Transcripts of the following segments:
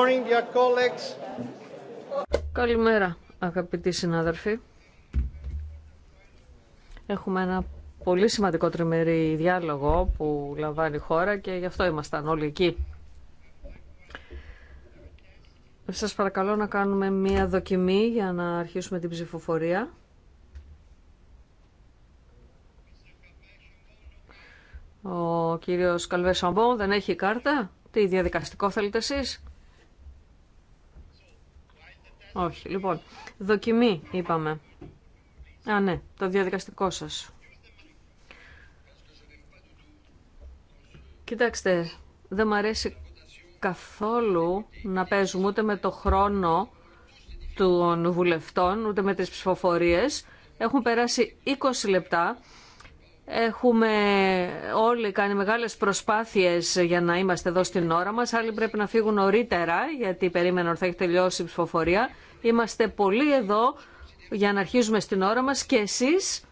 Morning, dear colleagues. Καλημέρα αγαπητοί συνάδελφοι. Έχουμε ένα πολύ σημαντικό τριμερή διάλογο που λαμβάνει η χώρα και γι' αυτό ήμασταν όλοι εκεί. Σας παρακαλώ να κάνουμε μία δοκιμή για να αρχίσουμε την ψηφοφορία. Ο κύριος Καλβέ Σαμπό δεν έχει κάρτα. Τι διαδικαστικό θέλετε εσείς. Όχι. Λοιπόν, δοκιμή είπαμε. Α, ναι, το διαδικαστικό σας. Κοιτάξτε, δεν μου αρέσει καθόλου να παίζουμε ούτε με το χρόνο των βουλευτών, ούτε με τις ψηφοφορίες. Έχουν περάσει 20 λεπτά. Έχουμε όλοι κάνει μεγάλες προσπάθειες για να είμαστε εδώ στην ώρα μας. Άλλοι πρέπει να φύγουν νωρίτερα, γιατί περίμεναν ότι θα έχει τελειώσει η ψηφοφορία. Είμαστε πολλοί εδώ για να αρχίζουμε στην ώρα μας και εσείς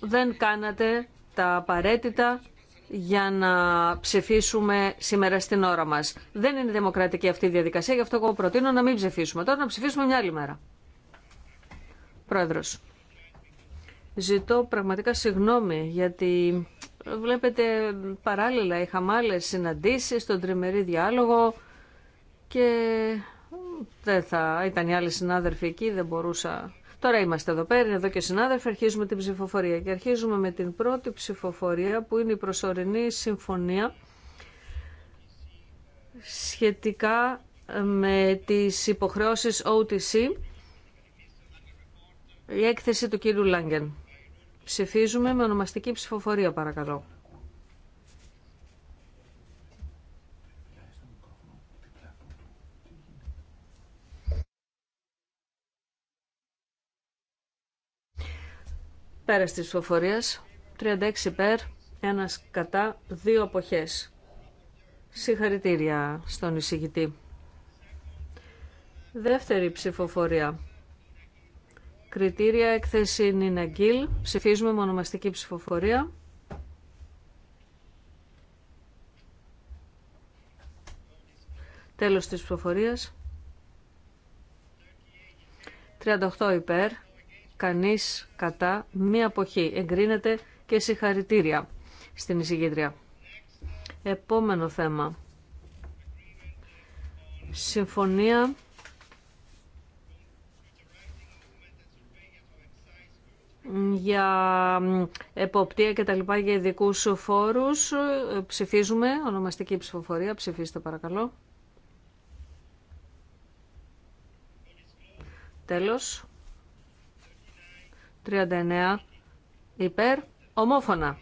δεν κάνατε τα απαραίτητα για να ψηφίσουμε σήμερα στην ώρα μας. Δεν είναι δημοκρατική αυτή η διαδικασία, γι' αυτό εγώ προτείνω να μην ψηφίσουμε. Τώρα να ψηφίσουμε μια άλλη μέρα. Πρόεδρος, ζητώ πραγματικά συγγνώμη γιατί βλέπετε παράλληλα είχαμε άλλε συναντήσεις, τον τριμερή διάλογο και δεν θα ήταν οι άλλοι συνάδελφοι εκεί, δεν μπορούσα. Τώρα είμαστε εδώ πέρα, εδώ και συνάδελφοι, αρχίζουμε την ψηφοφορία. Και αρχίζουμε με την πρώτη ψηφοφορία που είναι η προσωρινή συμφωνία σχετικά με τις υποχρεώσεις OTC, η έκθεση του κύριου Λάγκεν. Ψηφίζουμε με ονομαστική ψηφοφορία παρακαλώ. Πέρα τη ψηφοφορία. 36 υπέρ, ένας κατά, δύο αποχές. Συγχαρητήρια στον εισηγητή. Δεύτερη ψηφοφορία. Κριτήρια έκθεση Νίνα Γκίλ. Ψηφίζουμε μονομαστική ψηφοφορία. Τέλος της ψηφοφορίας. 38 υπέρ, κανείς κατά μία αποχή. Εγκρίνεται και συγχαρητήρια στην εισηγήτρια. Επόμενο θέμα. Συμφωνία για εποπτεία και τα λοιπά για ειδικού φόρους. Ψηφίζουμε, ονομαστική ψηφοφορία. Ψηφίστε παρακαλώ. Τέλος. 39 υπέρ, ομόφωνα.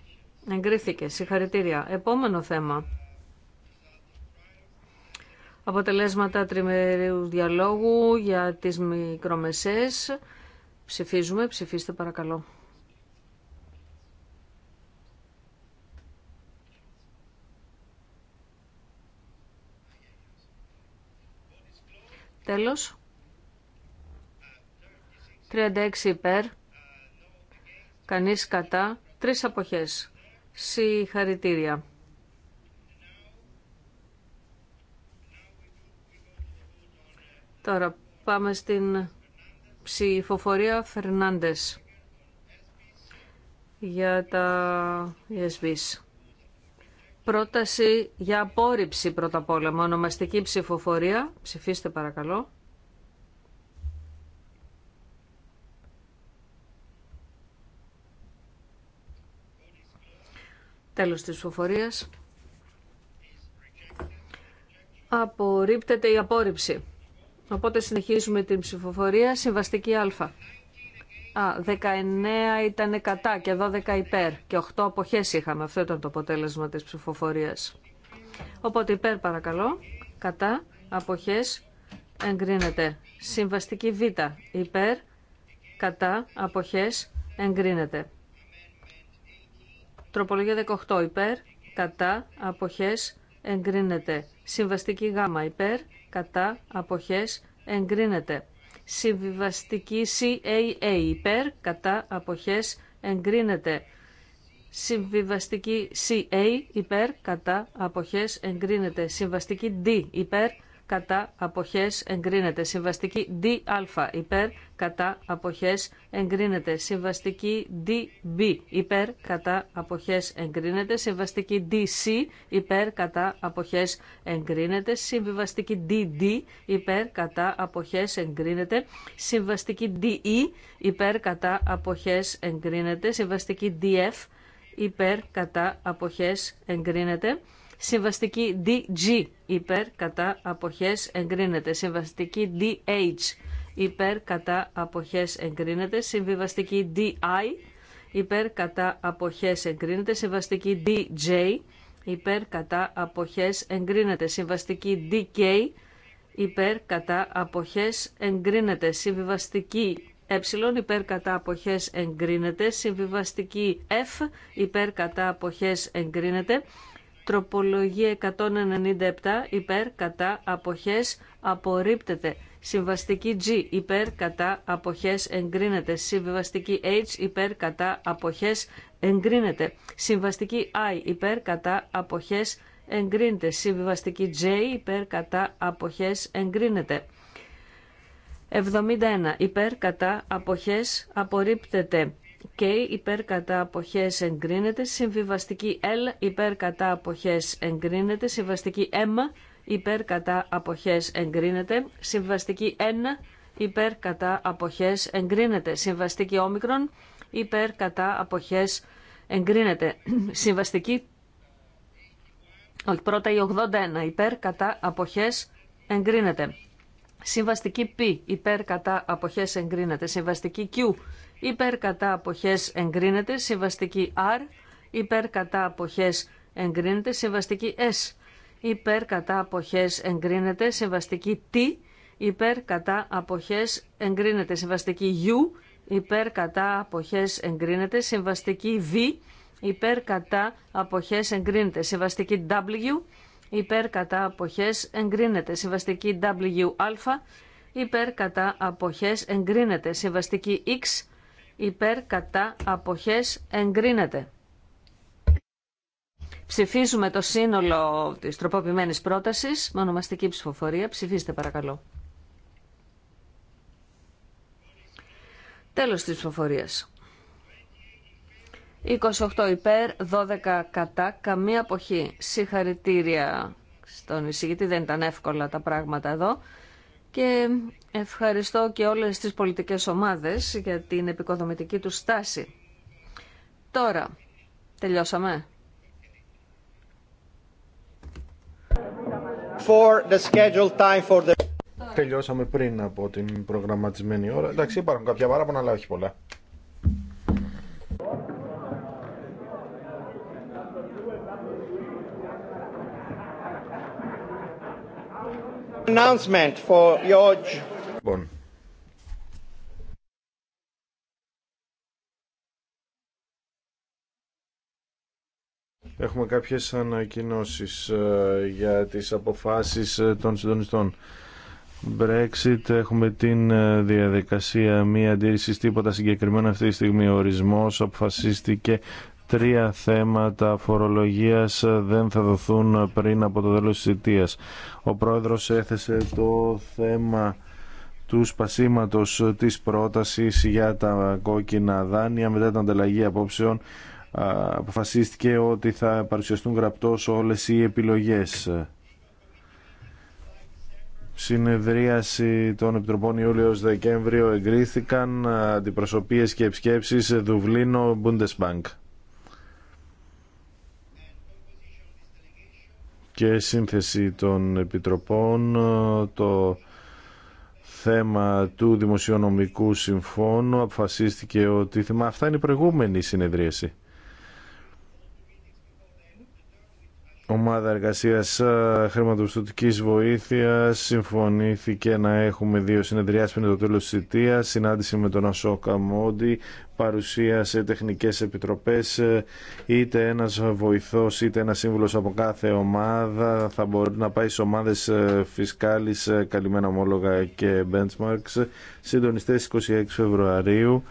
Εγκρίθηκε. Συγχαρητήρια. Επόμενο θέμα. Αποτελέσματα τριμεριού διαλόγου για τις μικρομεσές. Ψηφίζουμε. Ψηφίστε παρακαλώ. Τέλος. 36 υπέρ, κανείς κατά, τρεις αποχές. Συγχαρητήρια. Τώρα πάμε στην ψηφοφορία Φερνάντες για τα ESBs. Πρόταση για απόρριψη πρώτα απ' όλα, ονομαστική ψηφοφορία. Ψηφίστε παρακαλώ. Τέλος της ψηφοφορίας. Απορρίπτεται η απόρριψη. Οπότε συνεχίζουμε την ψηφοφορία. Συμβαστική Α. Α, 19 ήταν κατά και 12 υπέρ και 8 αποχές είχαμε. Αυτό ήταν το αποτέλεσμα της ψηφοφορίας. Οπότε υπέρ παρακαλώ, κατά, αποχές, εγκρίνεται. Συμβαστική Β, υπέρ, κατά, αποχές, εγκρίνεται. Τροπολογία 18 υπέρ, κατά, αποχές, εγκρίνεται. Συμβαστική γάμα υπέρ, κατά, αποχές, εγκρίνεται. Συμβιβαστική CAA υπέρ, κατά, αποχές, εγκρίνεται. Συμβιβαστική CA υπέρ, κατά, αποχές, εγκρίνεται. Συμβαστική D υπέρ, κατά αποχές εγκρίνεται. Συμβαστική DA υπέρ κατά αποχές εγκρίνεται. Συμβαστική DB υπέρ κατά αποχές εγκρίνεται. Συμβαστική DC υπέρ κατά αποχές εγκρίνεται. Συμβιβαστική DD υπέρ κατά αποχές εγκρίνεται. Συμβαστική DE υπέρ κατά αποχές εγκρίνεται. Συμβαστική DF e, υπέρ κατά αποχές εγκρίνεται. Συμβαστική DG υπέρ κατά αποχές εγκρίνεται. Συμβαστική DH υπέρ κατά αποχές εγκρίνεται. Συμβιβαστική DI υπέρ κατά αποχές εγκρίνεται. Συμβαστική DJ υπέρ κατά αποχές εγκρίνεται. Συμβαστική DK υπέρ κατά αποχές εγκρίνεται. Συμβιβαστική ε υπέρ κατά αποχές εγκρίνεται, συμβιβαστική F υπέρ κατά αποχές εγκρίνεται, Τροπολογία 197 υπέρ κατά αποχές απορρίπτεται. Συμβαστική G υπέρ κατά αποχές εγκρίνεται. Συμβαστική H υπέρ κατά αποχές εγκρίνεται. Συμβαστική I υπέρ κατά αποχές εγκρίνεται. Συμβαστική J υπέρ κατά αποχές εγκρίνεται. 71 υπέρ κατά αποχές απορρίπτεται και Υπέρκατα κατά αποχές εγκρίνεται, συμβιβαστική L υπέρ κατά αποχές εγκρίνεται, συμβαστική M υπέρ κατά αποχές εγκρίνεται, συμβαστική N υπέρ κατά αποχές εγκρίνεται, συμβαστική όμικρον υπέρ κατά αποχές εγκρίνεται, συμβαστική όχι, πρώτα η 81 υπέρ κατά αποχές εγκρίνεται. Συμβαστική P υπέρ κατά αποχές εγκρίνεται. Συμβαστική Q υπέρ κατά αποχές εγκρίνεται, συμβαστική R, υπέρ κατά αποχές εγκρίνεται, συμβαστική S, υπέρ κατά αποχές εγκρίνεται, συμβαστική T, υπέρ κατά αποχές εγκρίνεται, συμβαστική U, υπέρ κατά αποχές εγκρίνεται, συμβαστική V, υπέρ κατά αποχές εγκρίνεται, συμβαστική W, υπέρ κατά αποχές εγκρίνεται, συμβαστική WA, υπέρ κατά αποχές εγκρίνεται, συμβαστική X, υπέρ κατά αποχές εγκρίνεται. Ψηφίζουμε το σύνολο της τροποποιημένης πρότασης με ονομαστική ψηφοφορία. Ψηφίστε παρακαλώ. Τέλος της ψηφοφορίας. 28 υπέρ, 12 κατά, καμία αποχή. Συγχαρητήρια στον εισηγητή, δεν ήταν εύκολα τα πράγματα εδώ και ευχαριστώ και όλες τις πολιτικές ομάδες για την επικοδομητική του στάση. Τώρα, τελειώσαμε. For Τελειώσαμε πριν από την προγραμματισμένη ώρα. Εντάξει, υπάρχουν κάποια παράπονα, αλλά όχι πολλά. Announcement for George. Λοιπόν. Έχουμε κάποιες ανακοινώσεις ε, για τις αποφάσεις ε, των συντονιστών. Brexit, έχουμε την ε, διαδικασία μία αντίρρηση τίποτα συγκεκριμένα αυτή τη στιγμή. Ο ορισμός αποφασίστηκε τρία θέματα φορολογίας δεν θα δοθούν πριν από το τέλος της θητεία. Ο πρόεδρος έθεσε το θέμα του σπασίματος της πρότασης για τα κόκκινα δάνεια μετά την ανταλλαγή απόψεων αποφασίστηκε ότι θα παρουσιαστούν γραπτός όλες οι επιλογές. Συνεδρίαση των Επιτροπών Ιούλιο Δεκέμβριο εγκρίθηκαν αντιπροσωπείε και επισκέψεις Δουβλίνο Bundesbank. και σύνθεση των επιτροπών ε, το θέμα του Δημοσιονομικού Συμφώνου αποφασίστηκε ότι θυμά αυτά είναι η προηγούμενη συνεδρίαση ομάδα εργασίας ε, χρηματοπιστωτικής βοήθειας συμφωνήθηκε να έχουμε δύο συνεδριάσεις πριν το τέλος τη συνάντηση με τον Ασόκα Μόντι, παρουσία σε τεχνικές επιτροπές, ε, είτε ένας βοηθός είτε ένας σύμβουλος από κάθε ομάδα θα μπορεί να πάει σε ομάδες ε, φυσκάλης, καλυμμένα ομόλογα και benchmarks, Συντονιστέ 26 Φεβρουαρίου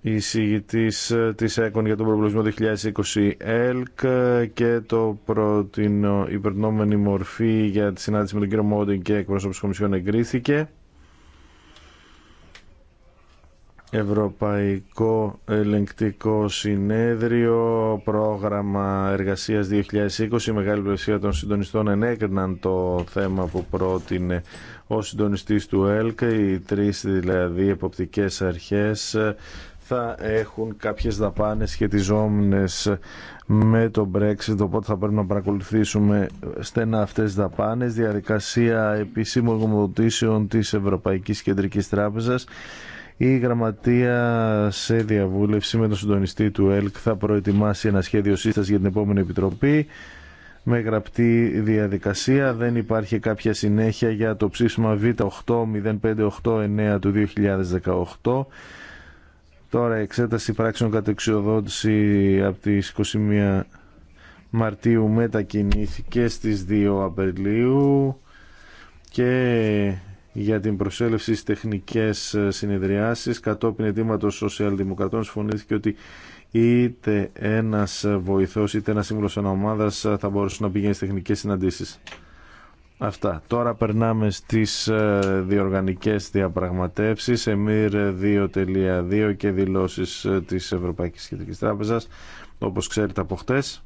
η εισηγητή ε, τη ΕΚΟΝ για τον προβλησμό 2020 ΕΛΚ ε, και το προ την προτινόμενη μορφή για τη συνάντηση με τον κύριο Μόντιν και τη Κομισιόν εγκρίθηκε. Ευρωπαϊκό Ελεγκτικό Συνέδριο, πρόγραμμα εργασίας 2020. Η μεγάλη πλαισία των συντονιστών ενέκριναν το θέμα που πρότεινε ο συντονιστής του ΕΛΚ. Οι τρεις δηλαδή εποπτικές αρχές θα έχουν κάποιες δαπάνες σχετιζόμενες με το Brexit, οπότε θα πρέπει να παρακολουθήσουμε στενά αυτές τις δαπάνες, διαδικασία επίσημων γνωμοδοτήσεων της Ευρωπαϊκής Κεντρικής Τράπεζας. Η Γραμματεία σε διαβούλευση με τον συντονιστή του ΕΛΚ θα προετοιμάσει ένα σχέδιο σύσταση για την επόμενη Επιτροπή με γραπτή διαδικασία. Δεν υπάρχει κάποια συνέχεια για το ψήφισμα Β80589 του 2018 Τώρα εξέταση πράξεων κατεξιοδότηση από τις 21 Μαρτίου μετακινήθηκε στις 2 Απριλίου και για την προσέλευση στις τεχνικές συνεδριάσεις κατόπιν αιτήματος σοσιαλδημοκρατών συμφωνήθηκε ότι είτε ένας βοηθός είτε ένας σύμβουλος ομάδα θα μπορούσε να πηγαίνει στις τεχνικές συναντήσεις. Αυτά. Τώρα περνάμε στις ε, διοργανικές διαπραγματεύσεις ΕΜΙΡ 2.2 και δηλώσεις ε, της Ευρωπαϊκής Σχετικής Τράπεζας. Όπως ξέρετε από χτες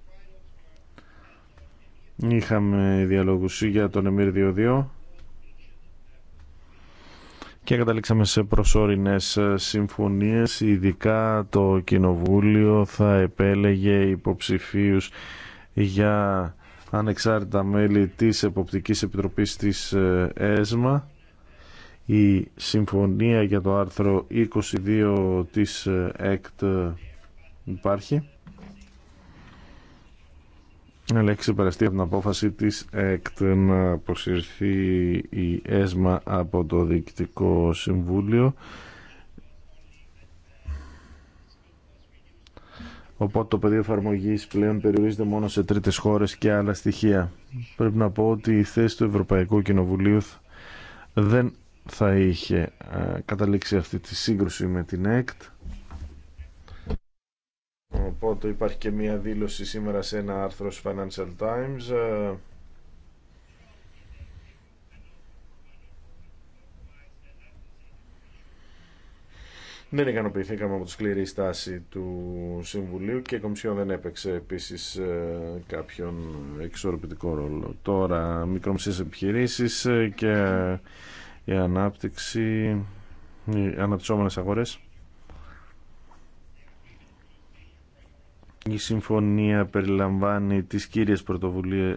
είχαμε διαλόγους για τον ΕΜΙΡ 2.2 και καταλήξαμε σε προσωρινές ε, συμφωνίες. Ειδικά το Κοινοβούλιο θα επέλεγε υποψηφίους για ανεξάρτητα μέλη της Εποπτικής Επιτροπής της ε, ΕΣΜΑ η συμφωνία για το άρθρο 22 της ε, ΕΚΤ ε, υπάρχει αλλά έχει ξεπεραστεί από την απόφαση της ΕΚΤ να αποσυρθεί η ΕΣΜΑ από το Διοικητικό Συμβούλιο Οπότε το πεδίο εφαρμογή πλέον περιορίζεται μόνο σε τρίτες χώρες και άλλα στοιχεία. Πρέπει να πω ότι η θέση του Ευρωπαϊκού Κοινοβουλίου δεν θα είχε ε, καταλήξει αυτή τη σύγκρουση με την ΕΚΤ. Οπότε υπάρχει και μία δήλωση σήμερα σε ένα άρθρο στο Financial Times ε, Δεν ικανοποιηθήκαμε από τη σκληρή στάση του Συμβουλίου και η Κομισιόν δεν έπαιξε επίσης ε, κάποιον εξορροπητικό ρόλο. Τώρα, μικρομεσαίες επιχειρήσει ε, και η ανάπτυξη, οι αναπτυσσόμενε αγορέ. Η συμφωνία περιλαμβάνει τις κύριες πρωτοβουλίες,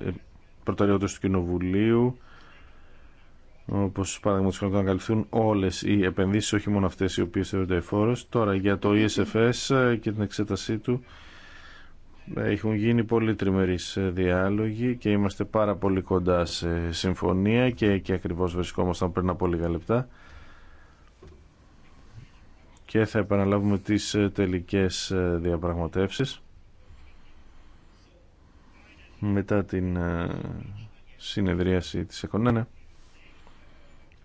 προτεραιότητες του Κοινοβουλίου όπως παραδείγματος χωρίς να καλυφθούν όλες οι επενδύσεις, όχι μόνο αυτές οι οποίες θεωρούνται εφόρο. Τώρα για το ESFS και την εξέτασή του έχουν γίνει πολύ τριμερείς διάλογοι και είμαστε πάρα πολύ κοντά σε συμφωνία και, και ακριβώς βρισκόμασταν πριν από λίγα λεπτά και θα επαναλάβουμε τις τελικές διαπραγματεύσεις μετά την συνεδρίαση της ΕΚΟΝΕΝΕ. Ναι, ναι.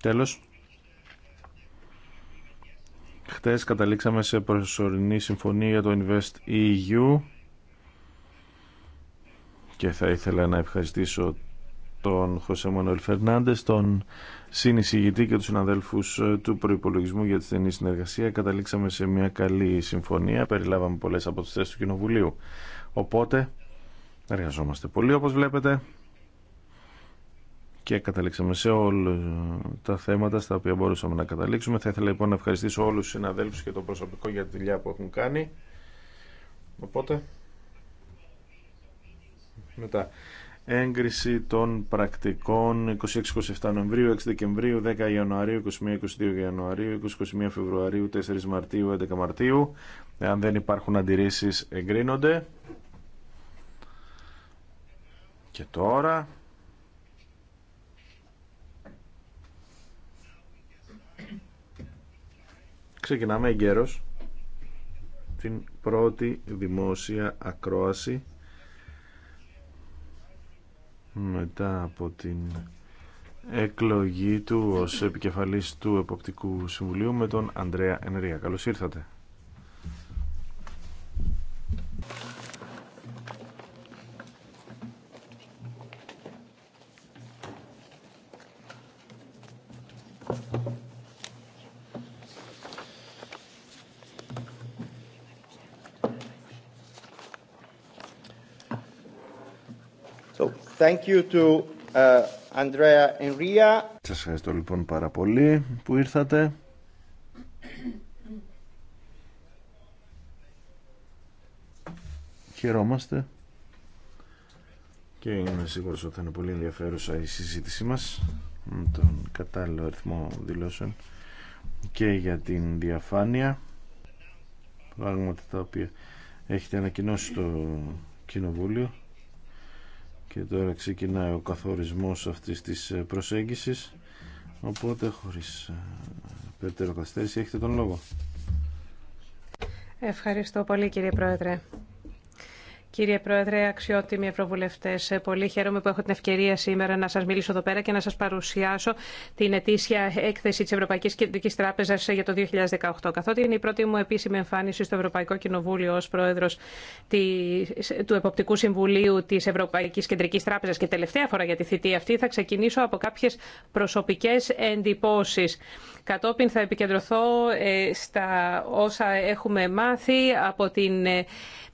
Τέλος, χτες καταλήξαμε σε προσωρινή συμφωνία για το Invest EU και θα ήθελα να ευχαριστήσω τον Χωσέ Μανουέλ Φερνάντες, τον συνεισηγητή και τους συναδέλφου ε, του προϋπολογισμού για τη στενή συνεργασία. Καταλήξαμε σε μια καλή συμφωνία. Περιλάβαμε πολλές από τις θέσεις του Κοινοβουλίου. Οπότε, εργαζόμαστε πολύ, όπως βλέπετε και καταλήξαμε σε όλα τα θέματα στα οποία μπορούσαμε να καταλήξουμε. Θα ήθελα λοιπόν να ευχαριστήσω όλους τους συναδέλφους και το προσωπικό για τη δουλειά που έχουν κάνει. Οπότε, μετά, έγκριση των πρακτικών 26-27 Νοεμβρίου, 6 Δεκεμβρίου, 10 Ιανουαρίου, 21-22 Ιανουαρίου, 21 Φεβρουαρίου, 4 Μαρτίου, 11 Μαρτίου. Αν δεν υπάρχουν αντιρρήσεις εγκρίνονται. Και τώρα... ξεκινάμε εγκαίρως την πρώτη δημόσια ακρόαση μετά από την εκλογή του ως επικεφαλής του Εποπτικού Συμβουλίου με τον Ανδρέα Ενρία. Καλώς ήρθατε. Thank you to, uh, Andrea ευχαριστώ λοιπόν πάρα πολύ που ήρθατε. Χαιρόμαστε και είμαι σίγουρος ότι θα είναι πολύ ενδιαφέρουσα η συζήτησή μας με τον κατάλληλο αριθμό δηλώσεων και για την διαφάνεια πράγματα τα οποία έχετε ανακοινώσει στο Κοινοβούλιο και τώρα ξεκινάει ο καθορισμός αυτής της ε, προσέγγισης οπότε χωρίς ε, περαιτέρω έχετε τον λόγο Ευχαριστώ πολύ κύριε Πρόεδρε Κύριε Πρόεδρε, αξιότιμοι Ευρωβουλευτέ, ε, πολύ χαίρομαι που έχω την ευκαιρία σήμερα να σα μιλήσω εδώ πέρα και να σα παρουσιάσω την ετήσια έκθεση τη Ευρωπαϊκή Κεντρική Τράπεζα ε, για το 2018. Καθότι είναι η πρώτη μου επίσημη εμφάνιση στο Ευρωπαϊκό Κοινοβούλιο ω πρόεδρο του Εποπτικού Συμβουλίου τη Ευρωπαϊκή Κεντρική Τράπεζα και τελευταία φορά για τη θητεία αυτή, θα ξεκινήσω από κάποιε προσωπικέ εντυπώσει. Κατόπιν θα επικεντρωθώ ε, στα όσα έχουμε μάθει από την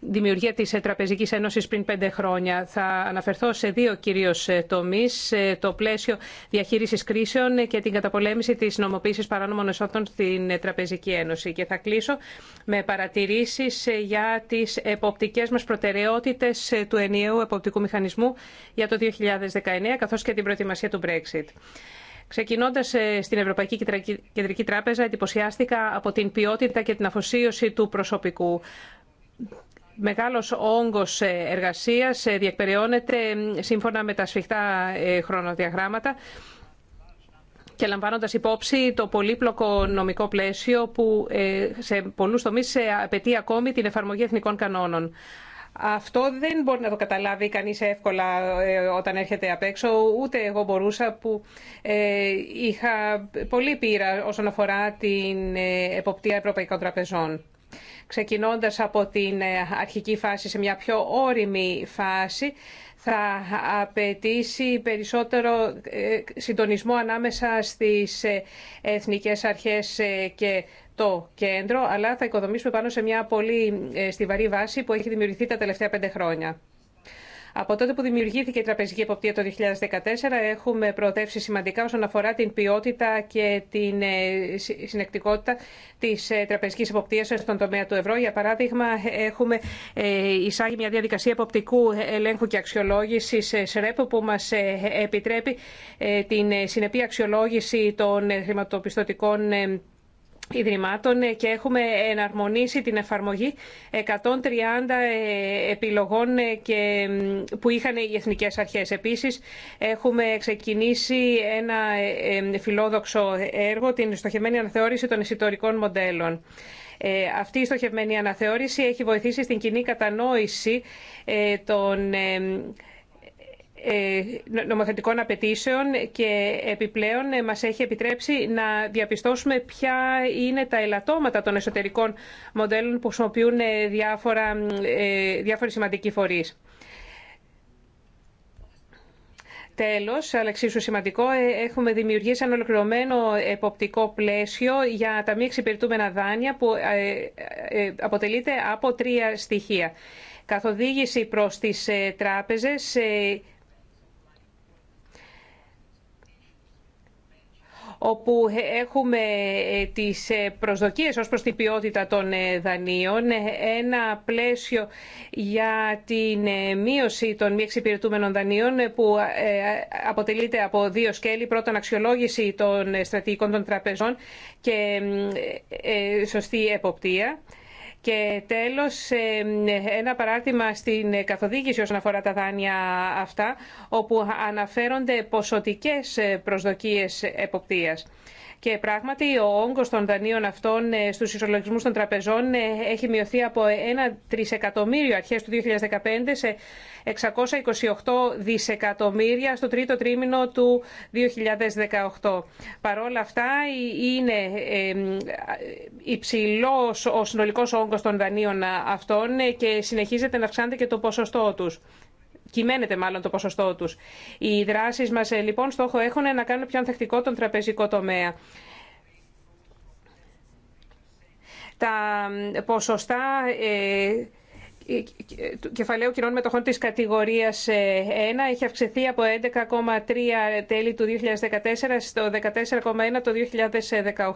δημιουργία τη τραπεζική Τραπεζικής Ένωσης πριν πέντε χρόνια. Θα αναφερθώ σε δύο κυρίως ε, τομεί: ε, το πλαίσιο διαχείρισης κρίσεων και την καταπολέμηση της νομοποίησης παράνομων εσόδων στην ε, Τραπεζική Ένωση. Και θα κλείσω με παρατηρήσεις για τις εποπτικές μας προτεραιότητες του ενιαίου εποπτικού μηχανισμού για το 2019, καθώς και την προετοιμασία του Brexit. Ξεκινώντα στην Ευρωπαϊκή Κεντρική Τράπεζα, εντυπωσιάστηκα από την ποιότητα και την αφοσίωση του προσωπικού μεγάλος όγκος ε, εργασίας ε, διεκπεραιώνεται σύμφωνα με τα σφιχτά ε, χρονοδιαγράμματα και λαμβάνοντας υπόψη το πολύπλοκο νομικό πλαίσιο που σε πολλούς τομείς απαιτεί ακόμη την εφαρμογή εθνικών κανόνων. Αυτό δεν μπορεί να το καταλάβει κανείς εύκολα όταν έρχεται απ' έξω. Ούτε εγώ μπορούσα που είχα πολύ πείρα όσον αφορά την εποπτεία ευρωπαϊκών τραπεζών ξεκινώντας από την ε, αρχική φάση σε μια πιο όρημη φάση, θα απαιτήσει περισσότερο ε, συντονισμό ανάμεσα στις ε, εθνικές αρχές και το κέντρο, αλλά θα οικοδομήσουμε πάνω σε μια πολύ στιβαρή βάση που έχει δημιουργηθεί τα τελευταία πέντε χρόνια. Από τότε που δημιουργήθηκε η Τραπεζική Εποπτεία το 2014 έχουμε προοδεύσει σημαντικά όσον αφορά την ποιότητα και την ε, συνεκτικότητα της ε, Τραπεζικής Εποπτείας στον τομέα του ευρώ. Για παράδειγμα, έχουμε ε, εισάγει μια διαδικασία εποπτικού ελέγχου και αξιολόγηση σε που μας επιτρέπει την συνεπή αξιολόγηση των χρηματοπιστωτικών Ιδρυμάτων και έχουμε εναρμονίσει την εφαρμογή 130 ε, επιλογών ε, και που είχαν οι εθνικές αρχές. Επίσης, έχουμε ξεκινήσει ένα ε, φιλόδοξο έργο, την στοχευμένη αναθεώρηση των εισιτορικών μοντέλων. Αυτή η στοχευμένη αναθεώρηση έχει βοηθήσει στην κοινή κατανόηση των ε, νομοθετικών απαιτήσεων και επιπλέον ε, μας έχει επιτρέψει να διαπιστώσουμε ποια είναι τα ελαττώματα των εσωτερικών μοντέλων που χρησιμοποιούν ε, διάφορα, διάφοροι σημαντικοί φορείς. Τέλος, αλλά εξίσου σημαντικό, έχουμε δημιουργήσει ένα ολοκληρωμένο εποπτικό πλαίσιο για τα μη εξυπηρετούμενα δάνεια που αποτελείται από τρία στοιχεία. Καθοδήγηση προς τις τράπεζες, όπου έχουμε ε, τις ε, προσδοκίες ως προς την ποιότητα των ε, δανείων, ένα πλαίσιο για την μείωση των μη εξυπηρετούμενων δανείων που αποτελείται από δύο σκέλη. Πρώτον, αξιολόγηση των στρατηγικών των τραπεζών και σωστή εποπτεία. Και τέλος, ε, ένα παράρτημα στην καθοδήγηση όσον αφορά τα δάνεια αυτά, όπου αναφέρονται ποσοτικές προσδοκίες εποπτείας. Και πράγματι ο όγκο των δανείων αυτών ε, στους ισολογισμούς των τραπεζών ε, έχει μειωθεί από ένα τρισεκατομμύριο αρχέ του 2015 σε 628 δισεκατομμύρια στο τρίτο τρίμηνο του 2018. Παρόλα αυτά είναι υψηλό ο συνολικός όγκος των δανείων ε, αυτών και συνεχίζεται να αυξάνεται και το ποσοστό τους κυμαίνεται μάλλον το ποσοστό τους. Οι δράσεις μας ε, λοιπόν στόχο έχουν να κάνουν πιο ανθεκτικό τον τραπεζικό τομέα. Τα ποσοστά ε, κεφαλαίου κοινών μετοχών της κατηγορίας 1 ε, έχει αυξηθεί από 11,3 τέλη του 2014 στο 14,1 το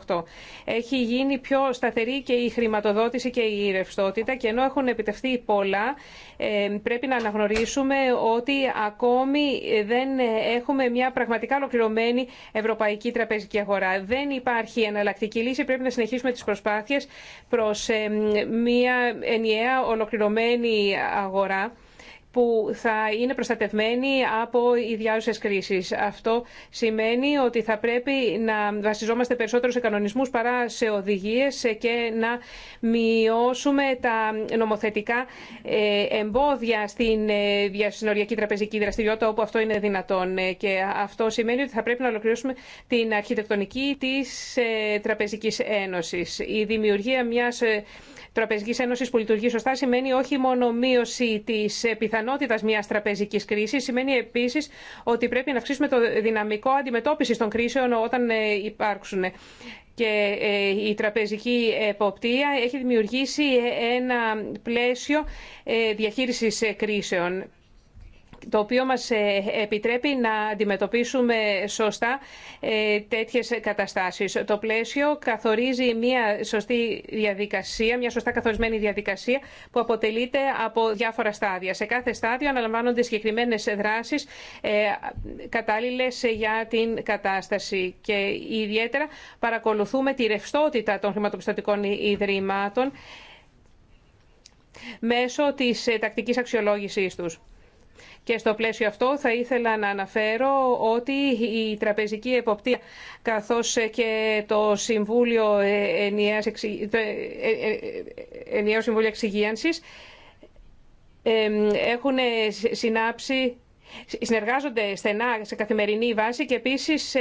2018. Έχει γίνει πιο σταθερή και η χρηματοδότηση και η ρευστότητα και ενώ έχουν επιτευχθεί πολλά ε, πρέπει να αναγνωρίσουμε ότι ακόμη δεν έχουμε μια πραγματικά ολοκληρωμένη ευρωπαϊκή τραπεζική αγορά. Δεν υπάρχει εναλλακτική λύση, πρέπει να συνεχίσουμε τις προσπάθειες προς ε, μια ενιαία ολοκληρωμένη ενωμένη αγορά που θα είναι προστατευμένη από ιδιάζουσες κρίσεις. Αυτό σημαίνει ότι θα πρέπει να βασιζόμαστε περισσότερο σε κανονισμούς παρά σε οδηγίες και να μειώσουμε τα νομοθετικά ε, εμπόδια στην ε, διασυνοριακή τραπεζική δραστηριότητα όπου αυτό είναι δυνατόν. Ε, και αυτό σημαίνει ότι θα πρέπει να ολοκληρώσουμε την αρχιτεκτονική της Τραπεζικής Ένωσης. Η δημιουργία μιας Τραπεζική Ένωση που λειτουργεί σωστά σημαίνει όχι μόνο μείωση της πιθανότητα μιας τραπεζικής κρίσης, σημαίνει επίσης ότι πρέπει να αυξήσουμε το δυναμικό αντιμετώπισης των κρίσεων όταν ε, υπάρξουν. Και ε, η τραπεζική εποπτεία έχει δημιουργήσει ε, ένα πλαίσιο διαχείρισης κρίσεων το οποίο μας ε, επιτρέπει να αντιμετωπίσουμε σωστά ε, τέτοιες καταστάσεις. Το πλαίσιο καθορίζει μια σωστή διαδικασία, μια σωστά καθορισμένη διαδικασία που αποτελείται από διάφορα στάδια. Σε κάθε στάδιο αναλαμβάνονται συγκεκριμένε δράσεις ε, κατάλληλες για την κατάσταση και ιδιαίτερα παρακολουθούμε τη ρευστότητα των χρηματοπιστωτικών ιδρυμάτων μέσω της τακτικής αξιολόγησής τους. Και στο πλαίσιο αυτό θα ήθελα να αναφέρω ότι η τραπεζική εποπτεία καθώς και το Συμβούλιο Ενιαίας, ε, ε, ε, Ενιαίο Συμβούλιο Εξυγίανσης έχουν συνάψει συνεργάζονται στενά σε καθημερινή βάση και επίσης ε,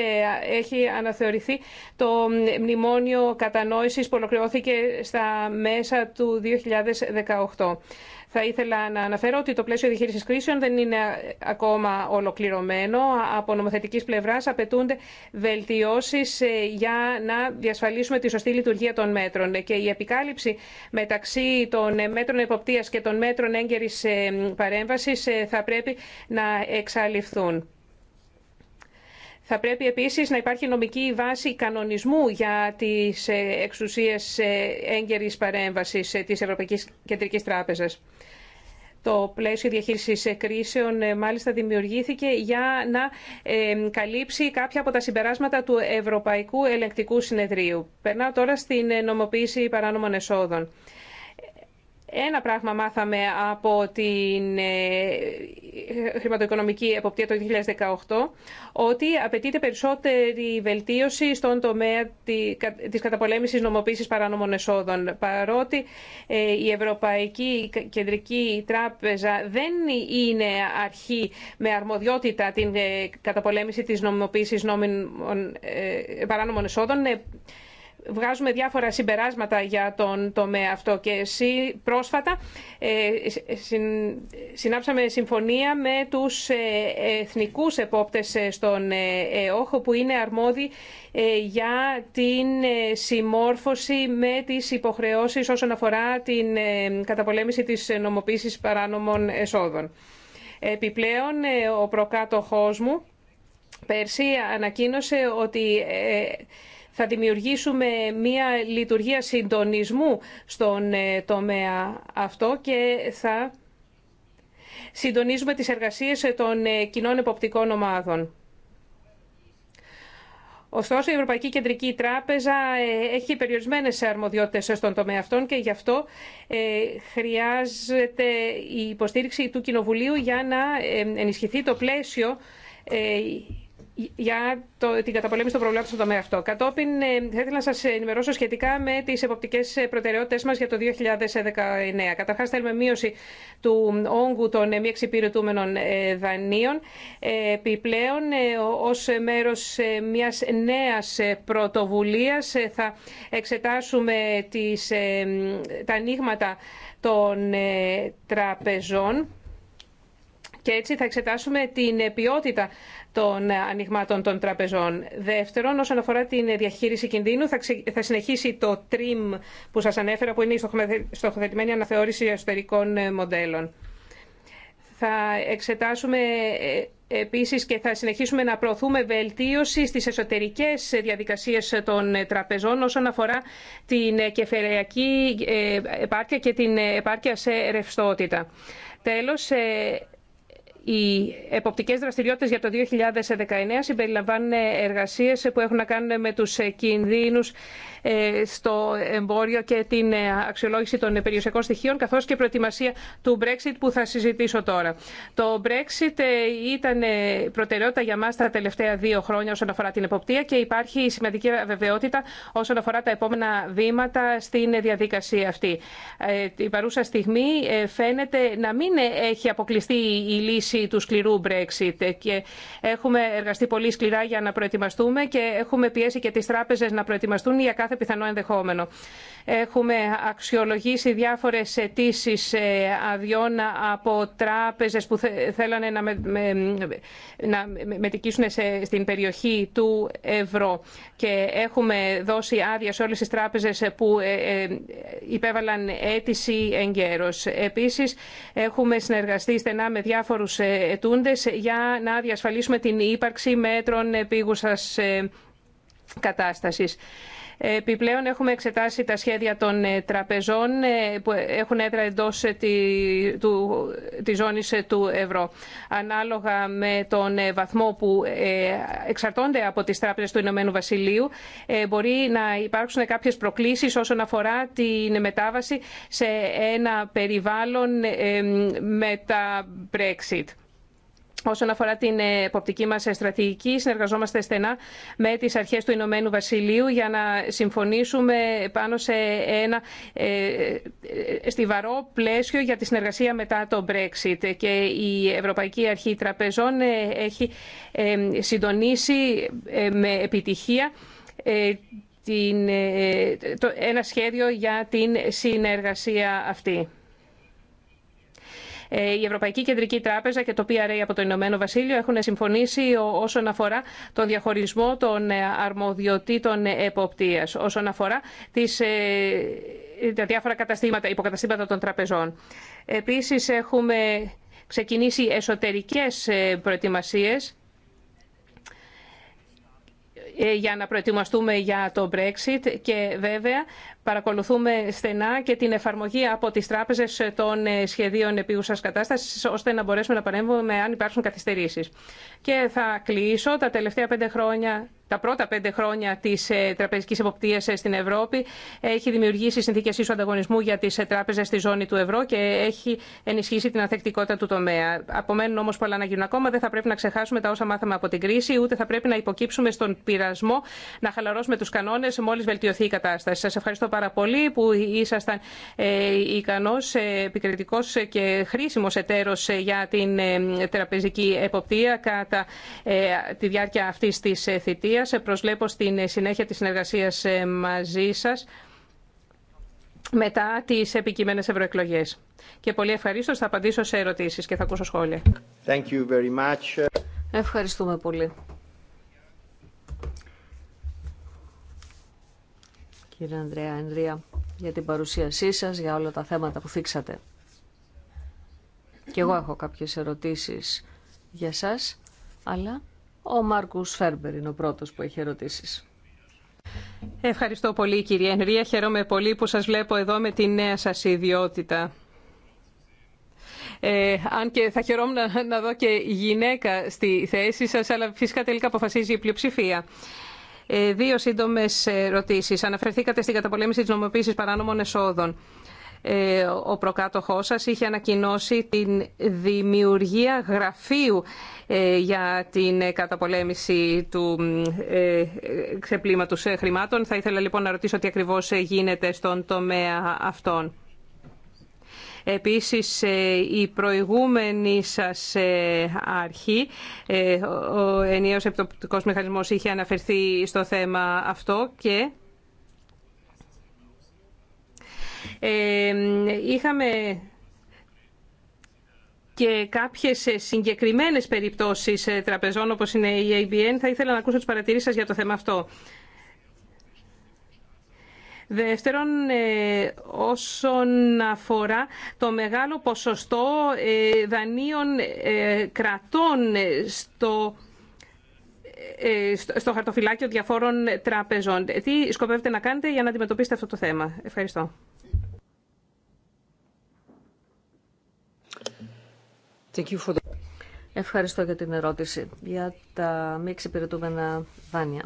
έχει αναθεωρηθεί το μνημόνιο κατανόησης που ολοκληρώθηκε στα μέσα του 2018. Θα ήθελα να αναφέρω ότι το πλαίσιο διαχείρισης κρίσεων δεν είναι ακόμα ολοκληρωμένο. Από νομοθετικής πλευράς απαιτούνται βελτιώσεις ε, για να διασφαλίσουμε τη σωστή λειτουργία των μέτρων. Και η επικάλυψη μεταξύ των μέτρων εποπτείας και των μέτρων έγκαιρης ε, παρέμβασης θα πρέπει να εξαλειφθούν. Θα πρέπει επίσης να υπάρχει νομική βάση κανονισμού για τις ε, εξουσίες ε, έγκαιρης παρέμβασης ε, της Ευρωπαϊκής Κεντρικής Τράπεζας. Το πλαίσιο διαχείρισης κρίσεων μάλιστα δημιουργήθηκε για να καλύψει κάποια από τα συμπεράσματα του Ευρωπαϊκού Ελεκτικού Συνεδρίου. Περνάω τώρα στην νομοποίηση παράνομων εσόδων. Ένα πράγμα μάθαμε από την ε, χρηματοοικονομική εποπτεία το 2018, ότι απαιτείται περισσότερη βελτίωση στον τομέα της καταπολέμησης νομοποίησης παράνομων εσόδων. Παρότι ε, η Ευρωπαϊκή Κεντρική Τράπεζα δεν είναι αρχή με αρμοδιότητα την ε, καταπολέμηση της νομοποίησης παράνομων εσόδων, βγάζουμε διάφορα συμπεράσματα για τον τομέα αυτό και εσύ πρόσφατα ε, συνάψαμε συμφωνία με τους ε, εθνικούς επόπτες ε, στον ΕΟΧ που είναι αρμόδιοι για την συμμόρφωση με τις υποχρεώσεις όσον αφορά την καταπολέμηση της νομοποίησης παράνομων εσόδων. Επιπλέον, ο προκάτοχός μου πέρσι ανακοίνωσε ότι θα δημιουργήσουμε μία λειτουργία συντονισμού στον ε, τομέα αυτό και θα συντονίζουμε τις εργασίες ε, των ε, κοινών εποπτικών ομάδων. Ωστόσο, η Ευρωπαϊκή Κεντρική Τράπεζα έχει περιορισμένες αρμοδιότητες στον τομέα αυτών και γι' αυτό χρειάζεται η υποστήριξη του Κοινοβουλίου για να ενισχυθεί το πλαίσιο για το, την καταπολέμηση των προβλημάτων στον τομέα αυτό. Κατόπιν, ε, θα ήθελα να σα ενημερώσω σχετικά με τις εποπτικές ε, προτεραιότητε μας για το 2019. Καταρχά, θέλουμε μείωση του όγκου των ε, μη εξυπηρετούμενων δανείων. Επιπλέον, ως μέρος μιας νέας πρωτοβουλία θα εξετάσουμε τις, τα ανοίγματα των τραπεζών και έτσι θα εξετάσουμε την ε, ποιότητα των ε, ανοιγμάτων των τραπεζών. Δεύτερον, όσον αφορά την ε, διαχείριση κινδύνου, θα, θα συνεχίσει το TRIM που σας ανέφερα, που είναι η στοχοθετημένη αναθεώρηση εσωτερικών μοντέλων. Θα εξετάσουμε επίσης και θα συνεχίσουμε να προωθούμε βελτίωση στις εσωτερικές διαδικασίες των τραπεζών όσον αφορά την κεφαιρειακή επάρκεια και την επάρκεια σε ρευστότητα. Τέλος, οι εποπτικέ δραστηριότητε για το 2019 συμπεριλαμβάνουν εργασίε που έχουν να κάνουν με του κινδύνου. Ε, στο εμπόριο και την ε, αξιολόγηση των περιουσιακών στοιχείων, καθώ και προετοιμασία του Brexit που θα συζητήσω τώρα. Το Brexit ε, ήταν προτεραιότητα για μα τα τελευταία δύο χρόνια όσον αφορά την εποπτεία και υπάρχει σημαντική βεβαιότητα όσον αφορά τα επόμενα βήματα στην διαδικασία αυτή. Η παρούσα στιγμή φαίνεται να μην έχει αποκλειστεί η λύση του σκληρού Brexit και έχουμε εργαστεί πολύ σκληρά για να προετοιμαστούμε και έχουμε πιέσει και τις τράπεζες να προετοιμαστούν για κάθε πιθανό ενδεχόμενο. Έχουμε αξιολογήσει διάφορες αιτήσει ε, αδειών από τράπεζες που θέλανε να, με, μετικήσουν στην περιοχή του ευρώ και έχουμε δώσει άδεια σε όλες τις τράπεζες που ε, ε, υπέβαλαν αίτηση εγκαίρως. Επίσης, έχουμε συνεργαστεί στενά με διάφορους ετούντες για να διασφαλίσουμε την ύπαρξη μέτρων επίγουσας κατάστασης. Επιπλέον έχουμε εξετάσει τα σχέδια των ε, τραπεζών ε, που έχουν έδρα εντός ε, της ζώνης του ευρώ. Ανάλογα με τον βαθμό που εξαρτώνται από τις τράπεζες του Ηνωμένου Βασιλείου μπορεί να υπάρξουν κάποιες προκλήσεις όσον αφορά την μετάβαση σε ένα περιβάλλον με Brexit. Όσον αφορά την ε, εποπτική μας ε, στρατηγική, συνεργαζόμαστε στενά με τις αρχές του Ηνωμένου Βασιλείου για να συμφωνήσουμε πάνω σε ένα ε, στιβαρό πλαίσιο για τη συνεργασία μετά το Brexit. Και η Ευρωπαϊκή Αρχή Τραπεζών έχει συντονίσει με επιτυχία ένα σχέδιο για την συνεργασία αυτή. Ε, η Ευρωπαϊκή Κεντρική Τράπεζα και το PRA από το Ηνωμένο Βασίλειο έχουν συμφωνήσει όσον αφορά τον διαχωρισμό των ε, αρμοδιοτήτων εποπτείας, όσον αφορά τις ε, τα διάφορα καταστήματα, υποκαταστήματα των τραπεζών. Επίσης έχουμε ξεκινήσει εσωτερικές προετοιμασίες ε, για να προετοιμαστούμε για το Brexit και βέβαια παρακολουθούμε στενά και την εφαρμογή από τις τράπεζες των ε, σχεδίων επίγουσας κατάστασης ώστε να μπορέσουμε να παρέμβουμε αν υπάρχουν καθυστερήσεις. Και θα κλείσω τα τελευταία πέντε χρόνια τα πρώτα πέντε χρόνια τη ε, τραπεζική εποπτεία ε, στην Ευρώπη. Έχει δημιουργήσει συνθήκε ίσου ανταγωνισμού για τι ε, τράπεζε στη ζώνη του ευρώ και έχει ενισχύσει την ανθεκτικότητα του τομέα. Απομένουν όμω πολλά να γίνουν ακόμα. Δεν θα πρέπει να ξεχάσουμε τα όσα μάθαμε από την κρίση, ούτε θα πρέπει να υποκύψουμε στον πειρασμό να χαλαρώσουμε του κανόνε μόλι βελτιωθεί η κατάσταση. Σα ευχαριστώ πάρα πολύ που ήσασταν ικανό, επικριτικό και χρήσιμο εταίρο για την τραπεζική εποπτεία κατά τη διάρκεια αυτή τη θητεία σε Προσλέπω στην ε, συνέχεια της συνεργασίας ε, μαζί σας μετά τις επικείμενες ευρωεκλογέ. Και πολύ ευχαρίστω θα απαντήσω σε ερωτήσεις και θα ακούσω σχόλια. Thank you very much. Ευχαριστούμε πολύ. Κύριε Ανδρέα Ανδρία, για την παρουσίασή σας, για όλα τα θέματα που θίξατε. Και εγώ έχω κάποιες ερωτήσεις για σας, αλλά ο Μάρκους Φέρμπερ είναι ο πρώτος που έχει ερωτήσεις. Ευχαριστώ πολύ κυρία Ενρία. Χαίρομαι πολύ που σας βλέπω εδώ με τη νέα σας ιδιότητα. Ε, αν και θα χαιρόμουν να, δω και γυναίκα στη θέση σας, αλλά φυσικά τελικά αποφασίζει η πλειοψηφία. Ε, δύο σύντομε ερωτήσει. Αναφερθήκατε στην καταπολέμηση τη νομοποίηση παράνομων εσόδων. Ε, ο προκάτοχός σας είχε ανακοινώσει την δημιουργία γραφείου ε, για την καταπολέμηση του ε, ξεπλήματος χρημάτων. Θα ήθελα λοιπόν να ρωτήσω τι ακριβώς γίνεται στον τομέα αυτόν. Επίσης, η προηγούμενη σας αρχή, ο ενιαίος επιτοπτικός μηχανισμός είχε αναφερθεί στο θέμα αυτό και είχαμε και κάποιες συγκεκριμένες περιπτώσεις ε, τραπεζών όπως είναι η ABN. Θα ήθελα να ακούσω τις παρατηρήσεις σας για το θέμα αυτό. Δεύτερον, ε, όσον αφορά το μεγάλο ποσοστό ε, δανείων κρατών στο στο χαρτοφυλάκιο διαφόρων τραπεζών. Τι σκοπεύετε να κάνετε για να αντιμετωπίσετε αυτό το θέμα. Ευχαριστώ. Ευχαριστώ για την ερώτηση για τα μη εξυπηρετούμενα δάνεια.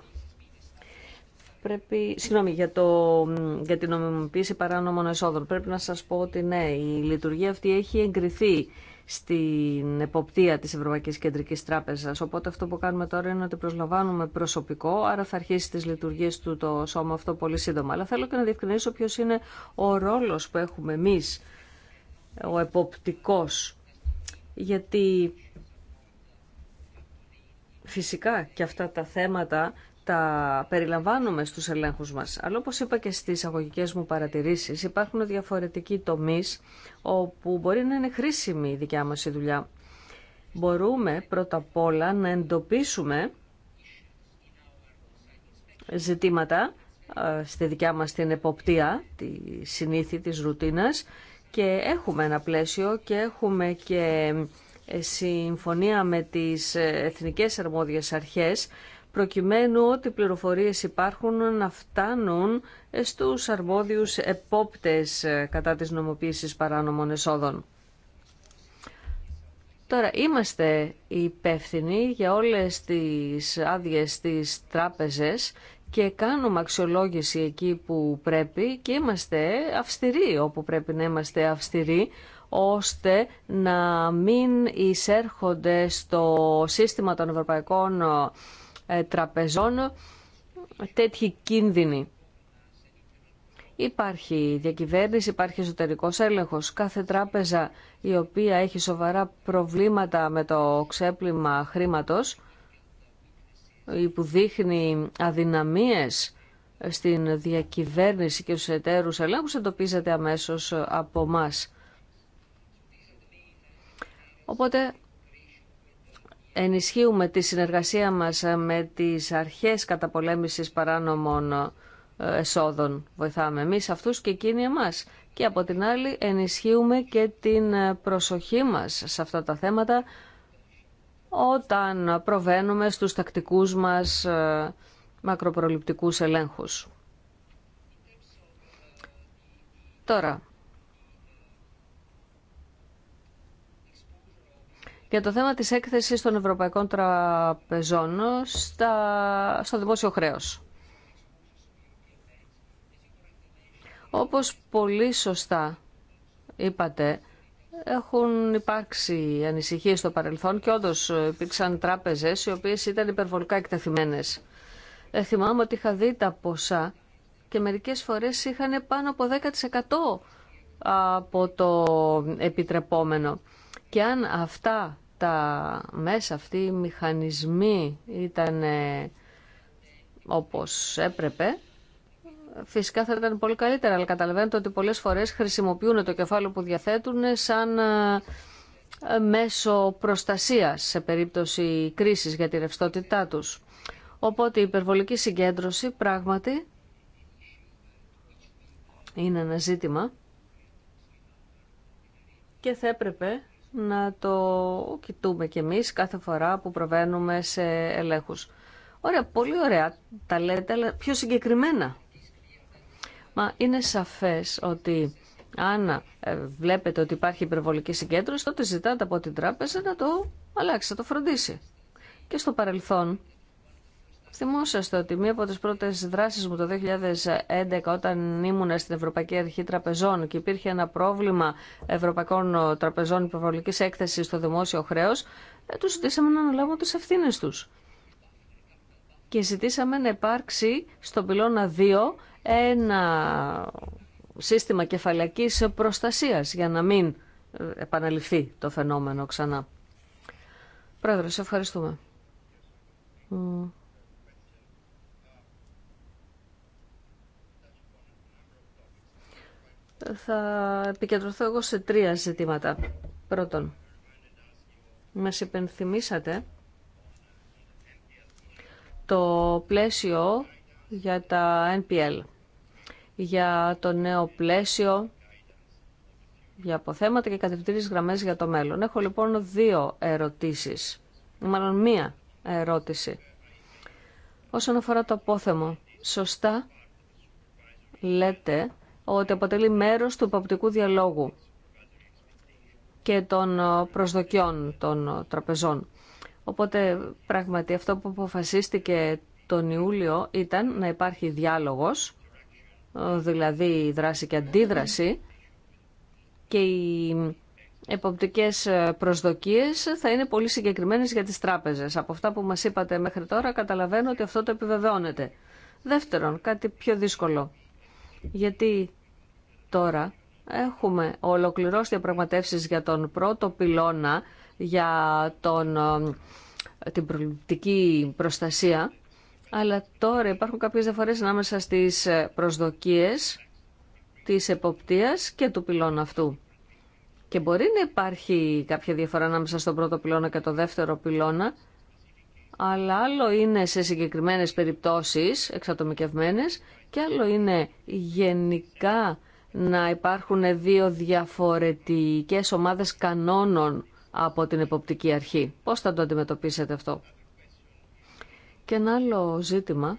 Πρέπει, συγγνώμη, για, το, για την νομιμοποίηση παράνομων εσόδων. Πρέπει να σας πω ότι ναι, η λειτουργία αυτή έχει εγκριθεί στην εποπτεία της Ευρωπαϊκής Κεντρικής Τράπεζας. Οπότε αυτό που κάνουμε τώρα είναι ότι προσλαμβάνουμε προσωπικό, άρα θα αρχίσει τις λειτουργίες του το σώμα αυτό πολύ σύντομα. Αλλά θέλω και να διευκρινίσω ποιος είναι ο ρόλος που έχουμε εμείς, ο εποπτικός γιατί φυσικά και αυτά τα θέματα τα περιλαμβάνουμε στους ελέγχους μας. Αλλά όπως είπα και στις αγωγικές μου παρατηρήσεις, υπάρχουν διαφορετικοί τομείς όπου μπορεί να είναι χρήσιμη η δικιά μας η δουλειά. Μπορούμε πρώτα απ' όλα να εντοπίσουμε ζητήματα ε, στη δικιά μας την εποπτεία, τη συνήθη της ρουτίνας και έχουμε ένα πλαίσιο και έχουμε και ε, συμφωνία με τις ε, εθνικές αρμόδιες αρχές προκειμένου ότι οι πληροφορίες υπάρχουν να φτάνουν ε, στους αρμόδιους επόπτες κατά της νομοποίησης παράνομων εσόδων. Τώρα είμαστε υπεύθυνοι για όλες τις άδειες της τράπεζες και κάνουμε αξιολόγηση εκεί που πρέπει και είμαστε αυστηροί όπου πρέπει να είμαστε αυστηροί ώστε να μην εισέρχονται στο σύστημα των ευρωπαϊκών ε, τραπεζών τέτοιοι κίνδυνοι. Υπάρχει διακυβέρνηση, υπάρχει εσωτερικός έλεγχος. Κάθε τράπεζα η οποία έχει σοβαρά προβλήματα με το ξέπλυμα χρήματος ή που δείχνει αδυναμίες στην διακυβέρνηση και στους εταίρους ελέγχους εντοπίζεται αμέσως από εμά. Οπότε ενισχύουμε τη συνεργασία μας με τις αρχές καταπολέμησης παράνομων ε, εσόδων. Βοηθάμε εμείς αυτούς και εκείνοι εμάς. Και από την άλλη ενισχύουμε και την ε, προσοχή μας σε αυτά τα θέματα όταν προβαίνουμε στους τακτικούς μας ε, μακροπροληπτικούς ελέγχους. Τώρα, για το θέμα της έκθεσης των Ευρωπαϊκών Τραπεζών στα, στο δημόσιο χρέος. Όπως πολύ σωστά είπατε, έχουν υπάρξει ανησυχίες στο παρελθόν και όντω υπήρξαν τράπεζες οι οποίες ήταν υπερβολικά εκτεθειμένες. Ε, θυμάμαι ότι είχα δει τα ποσά και μερικές φορές είχαν πάνω από 10% από το επιτρεπόμενο. Και αν αυτά τα μέσα, αυτοί οι μηχανισμοί ήταν ε, όπως έπρεπε, φυσικά θα ήταν πολύ καλύτερα, αλλά καταλαβαίνετε ότι πολλές φορές χρησιμοποιούν το κεφάλαιο που διαθέτουν σαν ε, ε, μέσο προστασίας σε περίπτωση κρίσης για τη ρευστότητά τους. Οπότε η υπερβολική συγκέντρωση πράγματι είναι ένα ζήτημα και θα έπρεπε να το κοιτούμε κι εμείς κάθε φορά που προβαίνουμε σε ελέγχους. Ωραία, πολύ ωραία τα λέτε, αλλά πιο συγκεκριμένα Μα είναι σαφές ότι αν ε, βλέπετε ότι υπάρχει υπερβολική συγκέντρωση, τότε ζητάτε από την τράπεζα να το αλλάξει, να το φροντίσει. Και στο παρελθόν, θυμόσαστε ότι μία από τις πρώτες δράσεις μου το 2011, όταν ήμουν στην Ευρωπαϊκή Αρχή Τραπεζών και υπήρχε ένα πρόβλημα ευρωπαϊκών τραπεζών υπερβολικής έκθεσης στο δημόσιο χρέος, ε, τους ζητήσαμε να αναλάβουν τις ευθύνε τους. Και ζητήσαμε να υπάρξει στον πυλώνα 2 ένα σύστημα κεφαλιακής προστασίας για να μην ε, επαναληφθεί το φαινόμενο ξανά. Πρόεδρε, σε ευχαριστούμε. Θα επικεντρωθώ εγώ σε τρία ζητήματα. Πρώτον, μας υπενθυμίσατε το πλαίσιο για τα NPL για το νέο πλαίσιο, για αποθέματα και κατευθυντήριες γραμμές για το μέλλον. Έχω λοιπόν δύο ερωτήσεις, μάλλον μία ερώτηση. Όσον αφορά το απόθεμο, σωστά λέτε ότι αποτελεί μέρος του παπτικού διαλόγου και των προσδοκιών των τραπεζών. Οπότε πράγματι αυτό που αποφασίστηκε τον Ιούλιο ήταν να υπάρχει διάλογος ε, δηλαδή δράση και αντίδραση και οι εποπτικές ε, προσδοκίες θα είναι πολύ συγκεκριμένες για τις τράπεζες. Από αυτά που μας είπατε μέχρι τώρα καταλαβαίνω ότι αυτό το επιβεβαιώνεται. Δεύτερον, κάτι πιο δύσκολο, γιατί τώρα έχουμε ολοκληρώσει διαπραγματεύσει για τον πρώτο πυλώνα, για τον, ε, την προληπτική προστασία αλλά τώρα υπάρχουν κάποιες διαφορές ανάμεσα στις ε, προσδοκίες της εποπτείας και του πυλώνα αυτού. Και μπορεί να υπάρχει κάποια διαφορά ανάμεσα στον πρώτο πυλώνα και το δεύτερο πυλώνα, αλλά άλλο είναι σε συγκεκριμένες περιπτώσεις εξατομικευμένες και άλλο είναι γενικά να υπάρχουν δύο διαφορετικές ομάδες κανόνων από την εποπτική αρχή. Πώς θα το αντιμετωπίσετε αυτό. Και ένα άλλο ζήτημα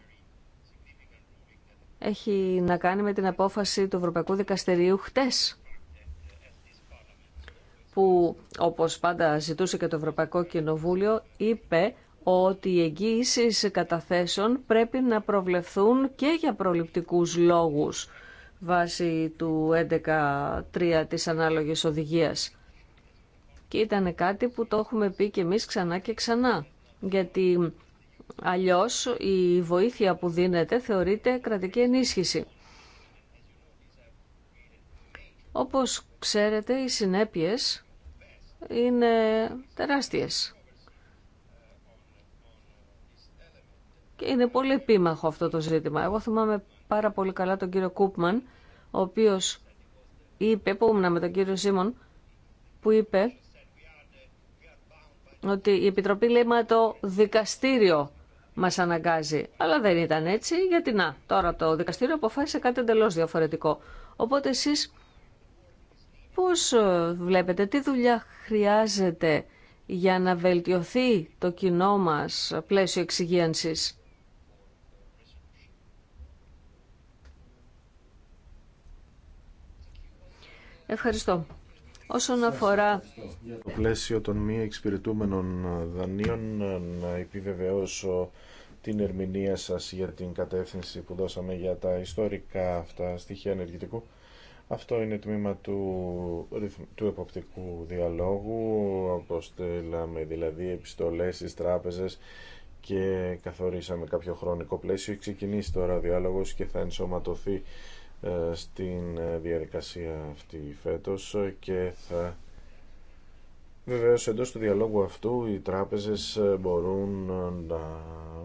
έχει να κάνει με την απόφαση του Ευρωπαϊκού Δικαστηρίου χτες που όπως πάντα ζητούσε και το Ευρωπαϊκό Κοινοβούλιο είπε ότι οι εγγύησει καταθέσεων πρέπει να προβλεφθούν και για προληπτικούς λόγους βάσει του 11.3 της ανάλογης οδηγίας. Και ήταν κάτι που το έχουμε πει και εμείς ξανά και ξανά. Γιατί Αλλιώς η βοήθεια που δίνεται θεωρείται κρατική ενίσχυση. Όπως ξέρετε οι συνέπειες είναι τεράστιες. Και είναι πολύ επίμαχο αυτό το ζήτημα. Εγώ θυμάμαι πάρα πολύ καλά τον κύριο Κούπμαν, ο οποίος είπε, που ήμουν με τον κύριο Σίμων, που είπε ότι η Επιτροπή λέει μα το δικαστήριο Μα αναγκάζει. Αλλά δεν ήταν έτσι, γιατί να, τώρα το δικαστήριο αποφάσισε κάτι εντελώ διαφορετικό. Οπότε εσεί, πώ ε, βλέπετε, τι δουλειά χρειάζεται για να βελτιωθεί το κοινό μα πλαίσιο εξυγίανση. Ευχαριστώ. Όσον αφορά το πλαίσιο των μη εξυπηρετούμενων δανείων, να επιβεβαιώσω την ερμηνεία σας για την κατεύθυνση που δώσαμε για τα ιστορικά αυτά στοιχεία ενεργητικού. Αυτό είναι τμήμα του, του εποπτικού διαλόγου. Αποστέλαμε δηλαδή επιστολές στις τράπεζες και καθορίσαμε κάποιο χρονικό πλαίσιο. Ξεκινήσει τώρα ο διάλογος και θα ενσωματωθεί ε, στην ε, διαδικασία αυτή φέτος και θα Βεβαίω εντός του διαλόγου αυτού οι τράπεζες ε, μπορούν να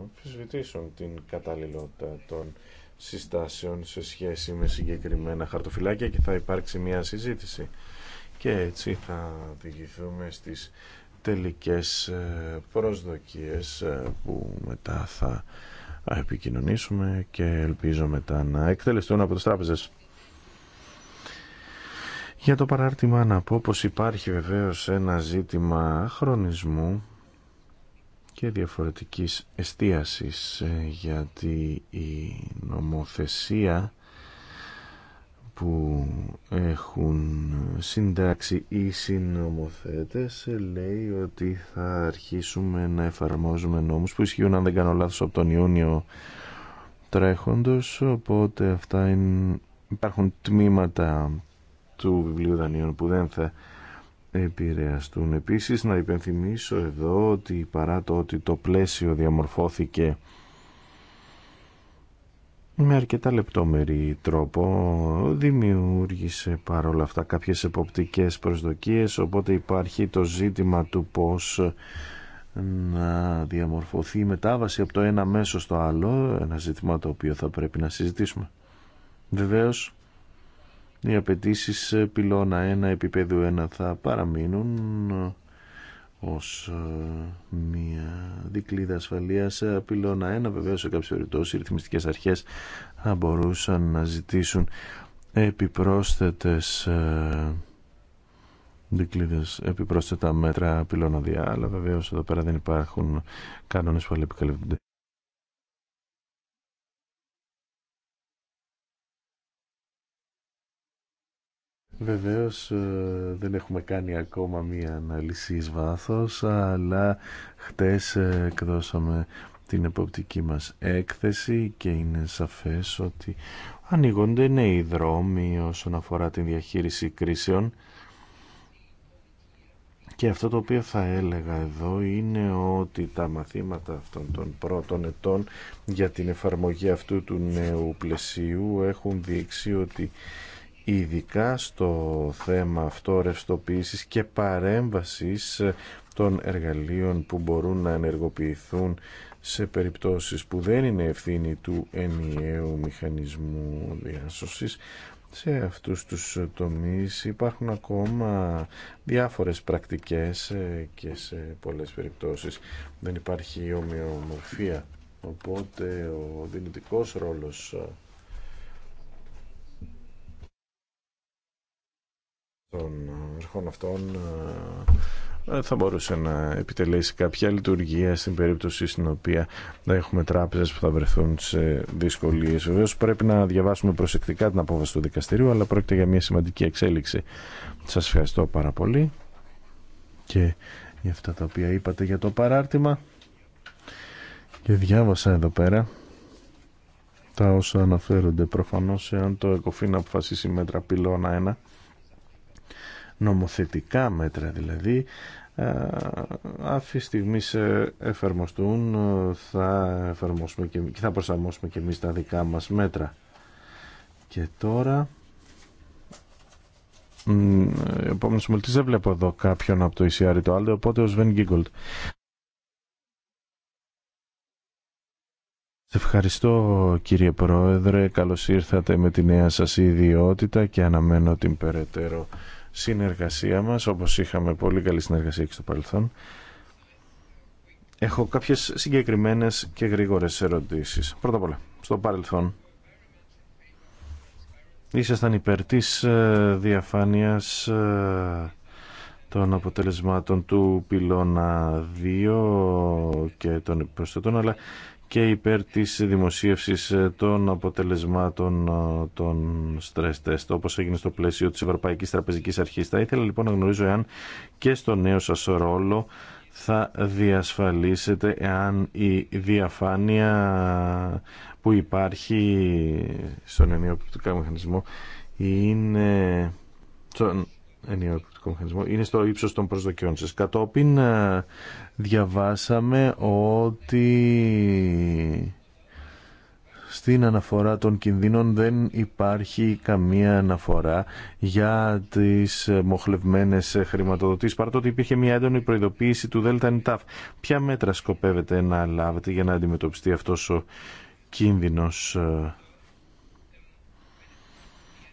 αμφισβητήσουν την καταλληλότητα των συστάσεων σε σχέση με συγκεκριμένα χαρτοφυλάκια και θα υπάρξει μια συζήτηση και έτσι θα διηγηθούμε στις τελικές προσδοκίες που μετά θα επικοινωνήσουμε και ελπίζω μετά να εκτελεστούν από τις τράπεζες. Για το παράρτημα να πω πως υπάρχει βεβαίως ένα ζήτημα χρονισμού και διαφορετικής εστίασης ε, γιατί η νομοθεσία που έχουν συντάξει οι συνομοθέτες λέει ότι θα αρχίσουμε να εφαρμόζουμε νόμους που ισχύουν αν δεν κάνω λάθος από τον Ιούνιο τρέχοντος οπότε αυτά είναι... υπάρχουν τμήματα του βιβλίου δανείων που δεν θα επηρεαστούν επίσης να υπενθυμίσω εδώ ότι παρά το ότι το πλαίσιο διαμορφώθηκε με αρκετά λεπτόμερη τρόπο δημιούργησε παρόλα αυτά κάποιες εποπτικές προσδοκίες οπότε υπάρχει το ζήτημα του πώς να διαμορφωθεί η μετάβαση από το ένα μέσο στο άλλο ένα ζήτημα το οποίο θα πρέπει να συζητήσουμε βεβαίως οι απαιτήσει πυλώνα 1 επίπεδου 1 θα παραμείνουν ως ε, μια δικλίδα ασφαλείας ε, πυλώνα 1 βεβαίως σε κάποιες περιπτώσεις οι ρυθμιστικές αρχές θα μπορούσαν να ζητήσουν επιπρόσθετες ε, δικλίδες επιπρόσθετα μέτρα πυλώνα 2 αλλά βεβαίως εδώ πέρα δεν υπάρχουν κανόνες που επικαλύπτονται Βεβαίως ε, δεν έχουμε κάνει ακόμα μία ανάλυση βάθο, αλλά χτες εκδώσαμε την εποπτική μας έκθεση και είναι σαφές ότι ανοίγονται νέοι δρόμοι όσον αφορά την διαχείριση κρίσεων και αυτό το οποίο θα έλεγα εδώ είναι ότι τα μαθήματα αυτών των πρώτων ετών για την εφαρμογή αυτού του νέου πλαισίου έχουν δείξει ότι ειδικά στο θέμα αυτό ρευστοποίησης και παρέμβασης των εργαλείων που μπορούν να ενεργοποιηθούν σε περιπτώσεις που δεν είναι ευθύνη του ενιαίου μηχανισμού διάσωσης σε αυτούς τους τομείς υπάρχουν ακόμα διάφορες πρακτικές ε, και σε πολλές περιπτώσεις δεν υπάρχει ομοιομορφία οπότε ο δυνητικός ρόλος ε, των ε, αρχών αυτών ε, ε, θα μπορούσε να επιτελέσει κάποια λειτουργία στην περίπτωση στην οποία θα έχουμε τράπεζε που θα βρεθούν σε δυσκολίε. Βεβαίω πρέπει να διαβάσουμε προσεκτικά την απόφαση του δικαστηρίου, αλλά πρόκειται για μια σημαντική εξέλιξη. Σα ευχαριστώ πάρα πολύ και για αυτά τα οποία είπατε για το παράρτημα. Και διάβασα εδώ πέρα τα όσα αναφέρονται προφανώς εάν το ΕΚΟΦΗΝ αποφασίσει μέτρα πυλώνα 1 νομοθετικά μέτρα δηλαδή αυτή τη στιγμή εφαρμοστούν θα εφαρμόσουμε και, θα προσαρμόσουμε και εμείς τα δικά μας μέτρα και τώρα επόμενος μολτής δεν βλέπω εδώ κάποιον από το ECR ή το άλλο οπότε ο Σβέν Σε ευχαριστώ κύριε Πρόεδρε καλώς ήρθατε με τη νέα σας ιδιότητα και αναμένω την περαιτέρω συνεργασία μας, όπως είχαμε πολύ καλή συνεργασία και στο παρελθόν. Έχω κάποιες συγκεκριμένες και γρήγορες ερωτήσεις. Πρώτα απ' όλα, στο παρελθόν ήσασταν υπέρ της ε, διαφάνειας ε, των αποτελεσμάτων του πυλώνα 2 και των τον αλλά και υπέρ της δημοσίευση ε, των αποτελεσμάτων ε, των stress test, όπως έγινε στο πλαίσιο της Ευρωπαϊκής Τραπεζικής Αρχής. Θα ήθελα λοιπόν να γνωρίζω εάν και στο νέο σας ρόλο θα διασφαλίσετε εάν η διαφάνεια που υπάρχει στον ενιαίο μηχανισμό είναι είναι στο ύψο των προσδοκιών σα. Κατόπιν ε, διαβάσαμε ότι στην αναφορά των κινδύνων δεν υπάρχει καμία αναφορά για τις μοχλευμένες χρηματοδοτήσεις παρά το ότι υπήρχε μια έντονη προειδοποίηση του ΔΕΛΤΑΝΙΤΑΦ. Ποια μέτρα σκοπεύετε να λάβετε για να αντιμετωπιστεί αυτός ο κίνδυνος ε,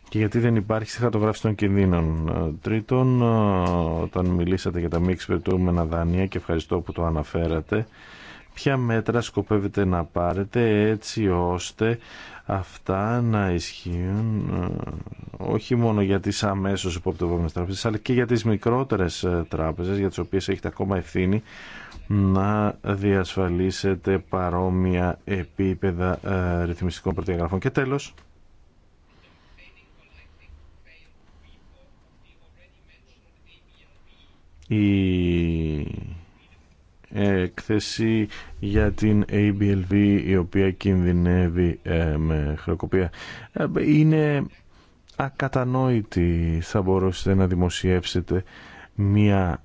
και γιατί δεν υπάρχει στοιχατογράφηση των κινδύνων. Ε, τρίτον, ε, όταν μιλήσατε για τα μη εξυπηρετούμενα δάνεια και ευχαριστώ που το αναφέρατε, ποια μέτρα σκοπεύετε να πάρετε έτσι ώστε αυτά να ισχύουν ε, όχι μόνο για τις αμέσως υποπτευόμενες τράπεζες αλλά και για τις μικρότερες τράπεζες για τις οποίες έχετε ακόμα ευθύνη να διασφαλίσετε παρόμοια επίπεδα ρυθμιστικών προδιαγραφών. Και τέλος, η έκθεση για την ABLV η οποία κινδυνεύει ε, με χρεοκοπία ε, είναι ακατανόητη θα μπορούσατε να δημοσιεύσετε μια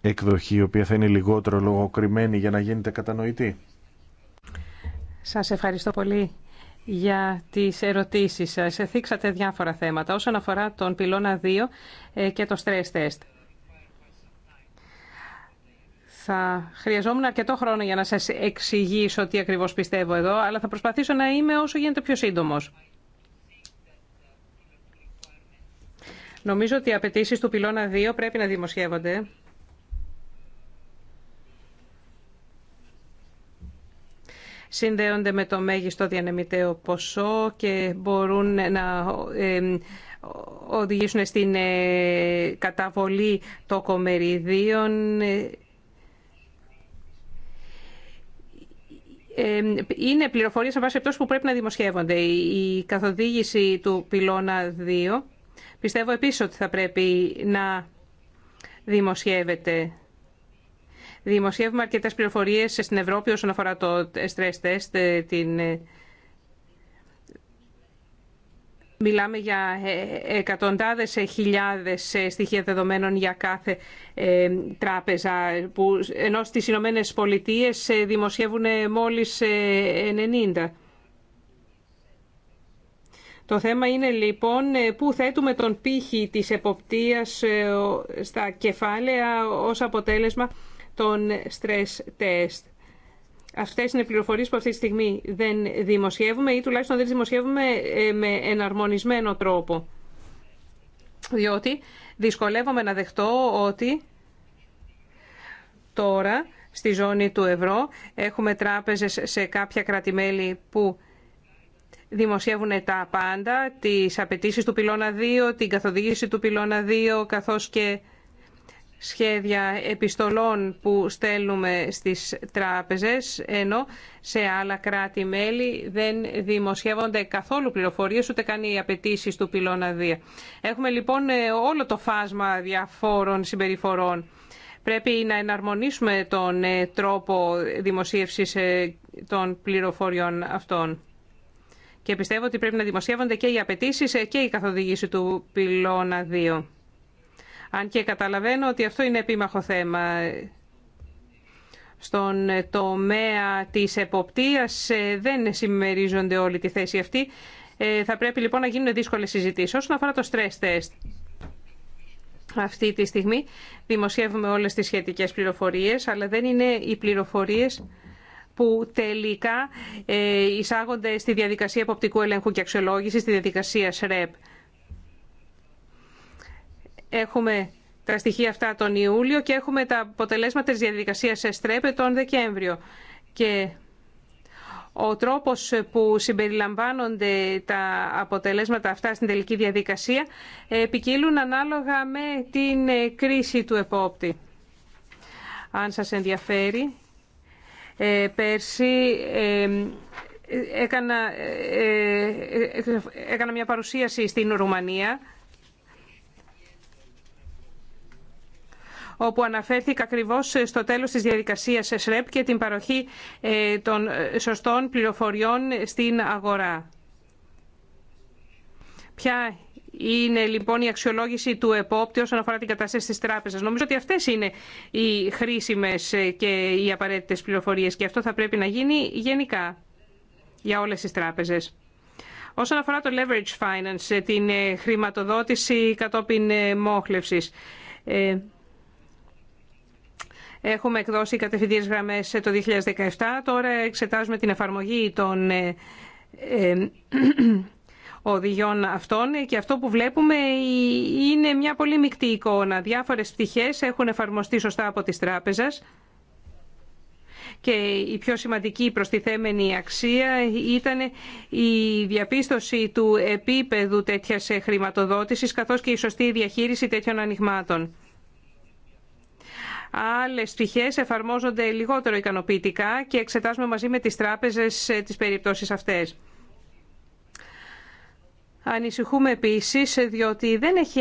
εκδοχή η οποία θα είναι λιγότερο λογοκριμένη για να γίνετε κατανοητή Σας ευχαριστώ πολύ για τις ερωτήσεις σας. Θίξατε διάφορα θέματα όσον αφορά τον πυλώνα 2 ε, και το stress test. Θα χρειαζόμουν αρκετό χρόνο για να σας εξηγήσω τι ακριβώς πιστεύω εδώ, αλλά θα προσπαθήσω να είμαι όσο γίνεται πιο σύντομος. Νομίζω ότι οι απαιτήσει του πυλώνα 2 πρέπει να δημοσιεύονται. Συνδέονται με το μέγιστο διανεμητέο ποσό και μπορούν να ε, οδηγήσουν στην ε, καταβολή τοκομεριδίων είναι πληροφορίες σε βάση που πρέπει να δημοσιεύονται. Η καθοδήγηση του πυλώνα 2 πιστεύω επίσης ότι θα πρέπει να δημοσιεύεται. Δημοσιεύουμε αρκετέ πληροφορίες στην Ευρώπη όσον αφορά το stress test, ε, την ε, Μιλάμε για ε, εκατοντάδες ε, χιλιάδες ε, στοιχεία δεδομένων για κάθε τράπεζα, που, ενώ στις Ηνωμένε Πολιτείε δημοσιεύουν μόλις 90. Το θέμα είναι λοιπόν πού θέτουμε τον πύχη της εποπτείας στα κεφάλαια ως αποτέλεσμα των stress test. Αυτέ είναι πληροφορίες που αυτή τη στιγμή δεν δημοσιεύουμε ή τουλάχιστον δεν τι δημοσιεύουμε ε, με εναρμονισμένο τρόπο. Διότι δυσκολεύομαι να δεχτώ ότι τώρα στη ζώνη του ευρώ έχουμε τράπεζες σε κάποια κρατημέλη που δημοσιεύουν τα πάντα, τις απαιτήσει του πυλώνα 2, την καθοδήγηση του πυλώνα 2, καθώς και σχέδια επιστολών που στέλνουμε στις τράπεζες, ενώ σε άλλα κράτη-μέλη δεν δημοσιεύονται καθόλου πληροφορίες, ούτε καν οι απαιτήσει του πυλώνα 2. Έχουμε λοιπόν ε, όλο το φάσμα διαφόρων συμπεριφορών. Πρέπει να εναρμονίσουμε τον ε, τρόπο δημοσίευσης ε, των πληροφοριών αυτών. Και πιστεύω ότι πρέπει να δημοσιεύονται και οι απαιτήσει και η καθοδήγηση του πυλώνα 2. Αν και καταλαβαίνω ότι αυτό είναι επίμαχο θέμα. Στον τομέα της εποπτείας ε, δεν συμμερίζονται όλοι τη θέση αυτή. Ε, θα πρέπει λοιπόν να γίνουν δύσκολες συζητήσεις. Όσον αφορά το stress test, αυτή τη στιγμή δημοσιεύουμε όλες τις σχετικές πληροφορίες, αλλά δεν είναι οι πληροφορίες που τελικά ε, εισάγονται στη διαδικασία εποπτικού ελέγχου και αξιολόγησης, στη διαδικασία SREP. Έχουμε τα στοιχεία αυτά τον Ιούλιο και έχουμε τα αποτελέσματα της διαδικασίας ΕΣΤΡΕΠΕ τον Δεκέμβριο. Και ο τρόπος που συμπεριλαμβάνονται τα αποτελέσματα αυτά στην τελική διαδικασία επικύλουν ανάλογα με την ε, κρίση του επόπτη. Αν σας ενδιαφέρει, ε, πέρσι έκανα, ε, έκανα μια παρουσίαση στην Ρουμανία όπου αναφέρθηκα ακριβώς στο τέλος της διαδικασίας ΣΡΕΠ και την παροχή ε, των ε, σωστών πληροφοριών στην αγορά. Ποια είναι λοιπόν η αξιολόγηση του ΕΠΟΠΤΗ όσον αφορά την κατάσταση της τράπεζας. Νομίζω ότι αυτές είναι οι χρήσιμες ε, και οι απαραίτητες πληροφορίες και αυτό θα πρέπει να γίνει γενικά για όλες τις τράπεζες. Όσον αφορά το leverage finance, την χρηματοδότηση κατόπιν μόχλευσης, Έχουμε εκδώσει κατευθυντήρε γραμμέ το 2017. Τώρα εξετάζουμε την εφαρμογή των ε, ε, οδηγιών αυτών και αυτό που βλέπουμε είναι μια πολύ μεικτή εικόνα. Διάφορες πτυχές έχουν εφαρμοστεί σωστά από τις τράπεζες και η πιο σημαντική προστιθέμενη αξία ήταν η διαπίστωση του επίπεδου τέτοιας ε, χρηματοδότησης καθώς και η σωστή διαχείριση τέτοιων ανοιγμάτων. Άλλε πτυχέ εφαρμόζονται λιγότερο ικανοποιητικά και εξετάζουμε μαζί με τις τράπεζες ε, τις περιπτώσεις αυτές. Ανησυχούμε επίση ε, διότι δεν έχει,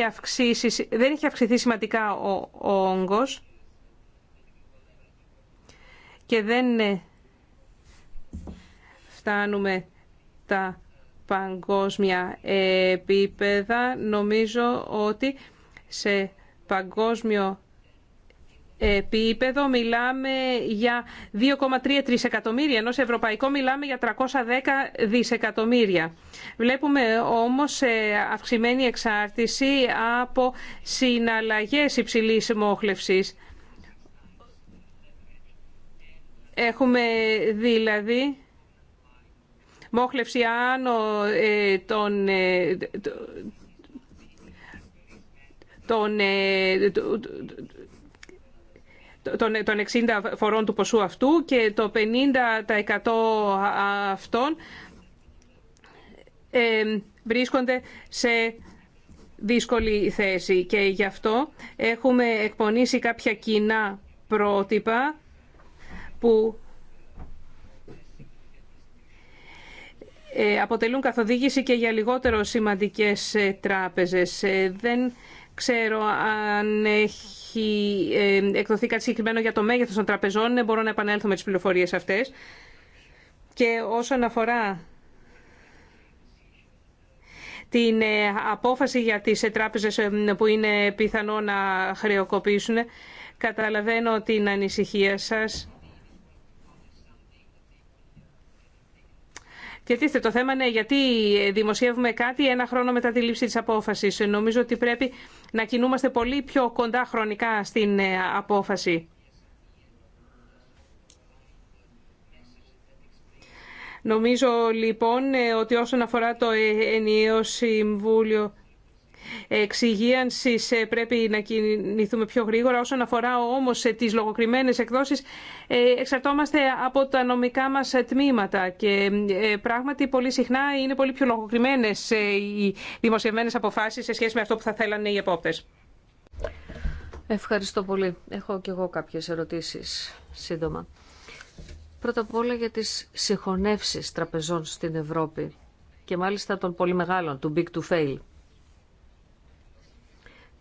δεν έχει αυξηθεί σημαντικά ο, ο όγκος και δεν ε, φτάνουμε τα παγκόσμια επίπεδα. Νομίζω ότι σε παγκόσμιο επίπεδο μιλάμε για 2,3 τρισεκατομμύρια, ενώ σε ευρωπαϊκό μιλάμε για 310 δισεκατομμύρια. Βλέπουμε όμως αυξημένη εξάρτηση από συναλλαγές υψηλής μόχλευσης. Έχουμε δηλαδή μόχλευση άνω ε, των, ε, των, των 60 φορών του ποσού αυτού και το 50% αυτών ε, βρίσκονται σε δύσκολη θέση και γι' αυτό έχουμε εκπονήσει κάποια κοινά πρότυπα που ε, αποτελούν καθοδήγηση και για λιγότερο σημαντικές ε, τράπεζες. Δεν ξέρω αν έχει ε, εκδοθεί κάτι συγκεκριμένο για το μέγεθος των τραπεζών. Ναι, μπορώ να επανέλθω με τις πληροφορίες αυτές. Και όσον αφορά την ε, απόφαση για τις ε, τράπεζες που είναι πιθανό να χρεοκοπήσουν, καταλαβαίνω την ανησυχία σας. Και το θέμα είναι γιατί δημοσιεύουμε κάτι ένα χρόνο μετά τη λήψη της απόφασης. Νομίζω ότι πρέπει να κινούμαστε πολύ πιο κοντά χρονικά στην ε, απόφαση. Νομίζω λοιπόν ε, ότι όσον αφορά το ε, ενιαίο συμβούλιο εξυγίανση ε, πρέπει να κινηθούμε πιο γρήγορα. Όσον αφορά όμω ε, τι λογοκριμένε εκδόσει, ε, εξαρτώμαστε από τα νομικά μας τμήματα και πράγματι πολύ συχνά είναι πολύ πιο λογοκριμένε οι δημοσιευμένε αποφάσει σε σχέση με αυτό που θα θέλανε οι επόπτε. Ευχαριστώ πολύ. Έχω και εγώ κάποιες ερωτήσεις σύντομα. Πρώτα απ' όλα για τις συγχωνεύσεις τραπεζών στην Ευρώπη και μάλιστα των πολύ μεγάλων, του Big to Fail.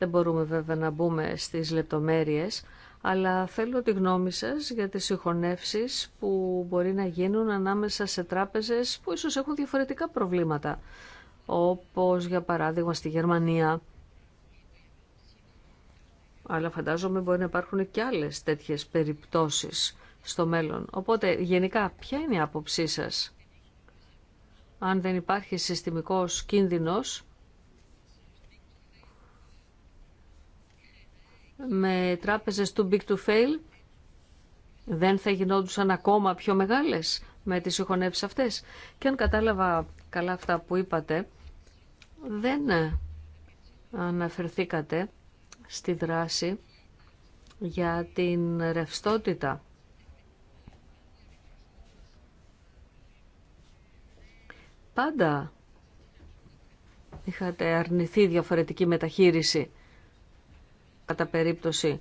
Δεν μπορούμε βέβαια να μπούμε στις λεπτομέρειες, αλλά θέλω τη γνώμη σας για τις συγχωνεύσεις που μπορεί να γίνουν ανάμεσα σε τράπεζες που ίσως έχουν διαφορετικά προβλήματα, όπως για παράδειγμα στη Γερμανία. Αλλά φαντάζομαι μπορεί να υπάρχουν και άλλες τέτοιες περιπτώσεις στο μέλλον. Οπότε γενικά ποια είναι η άποψή σας αν δεν υπάρχει συστημικός κίνδυνος με τράπεζες του big to fail δεν θα γινόντουσαν ακόμα πιο μεγάλες με τις συγχωνεύσεις αυτές. Και αν κατάλαβα καλά αυτά που είπατε, δεν αναφερθήκατε στη δράση για την ρευστότητα. Πάντα είχατε αρνηθεί διαφορετική μεταχείριση κατά περίπτωση.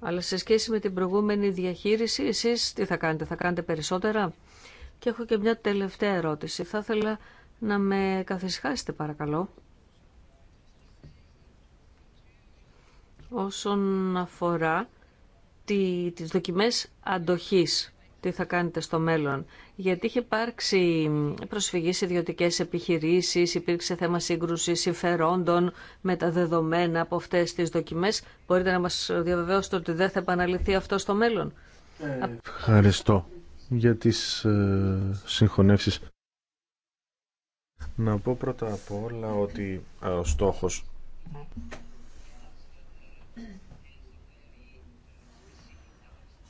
Αλλά σε σχέση με την προηγούμενη διαχείριση, εσείς τι θα κάνετε, θα κάνετε περισσότερα. Και έχω και μια τελευταία ερώτηση. Θα ήθελα να με καθησυχάσετε παρακαλώ. Όσον αφορά τι τις δοκιμές αντοχής τι θα κάνετε στο μέλλον. Γιατί είχε υπάρξει προσφυγή σε ιδιωτικέ επιχειρήσει, υπήρξε θέμα σύγκρουση συμφερόντων με τα δεδομένα από αυτέ τι δοκιμέ. Μπορείτε να μα διαβεβαιώσετε ότι δεν θα επαναληφθεί αυτό στο μέλλον. Ευχαριστώ για τι ε, συγχωνεύσεις. Να πω πρώτα απ' όλα ότι ε, ο στόχος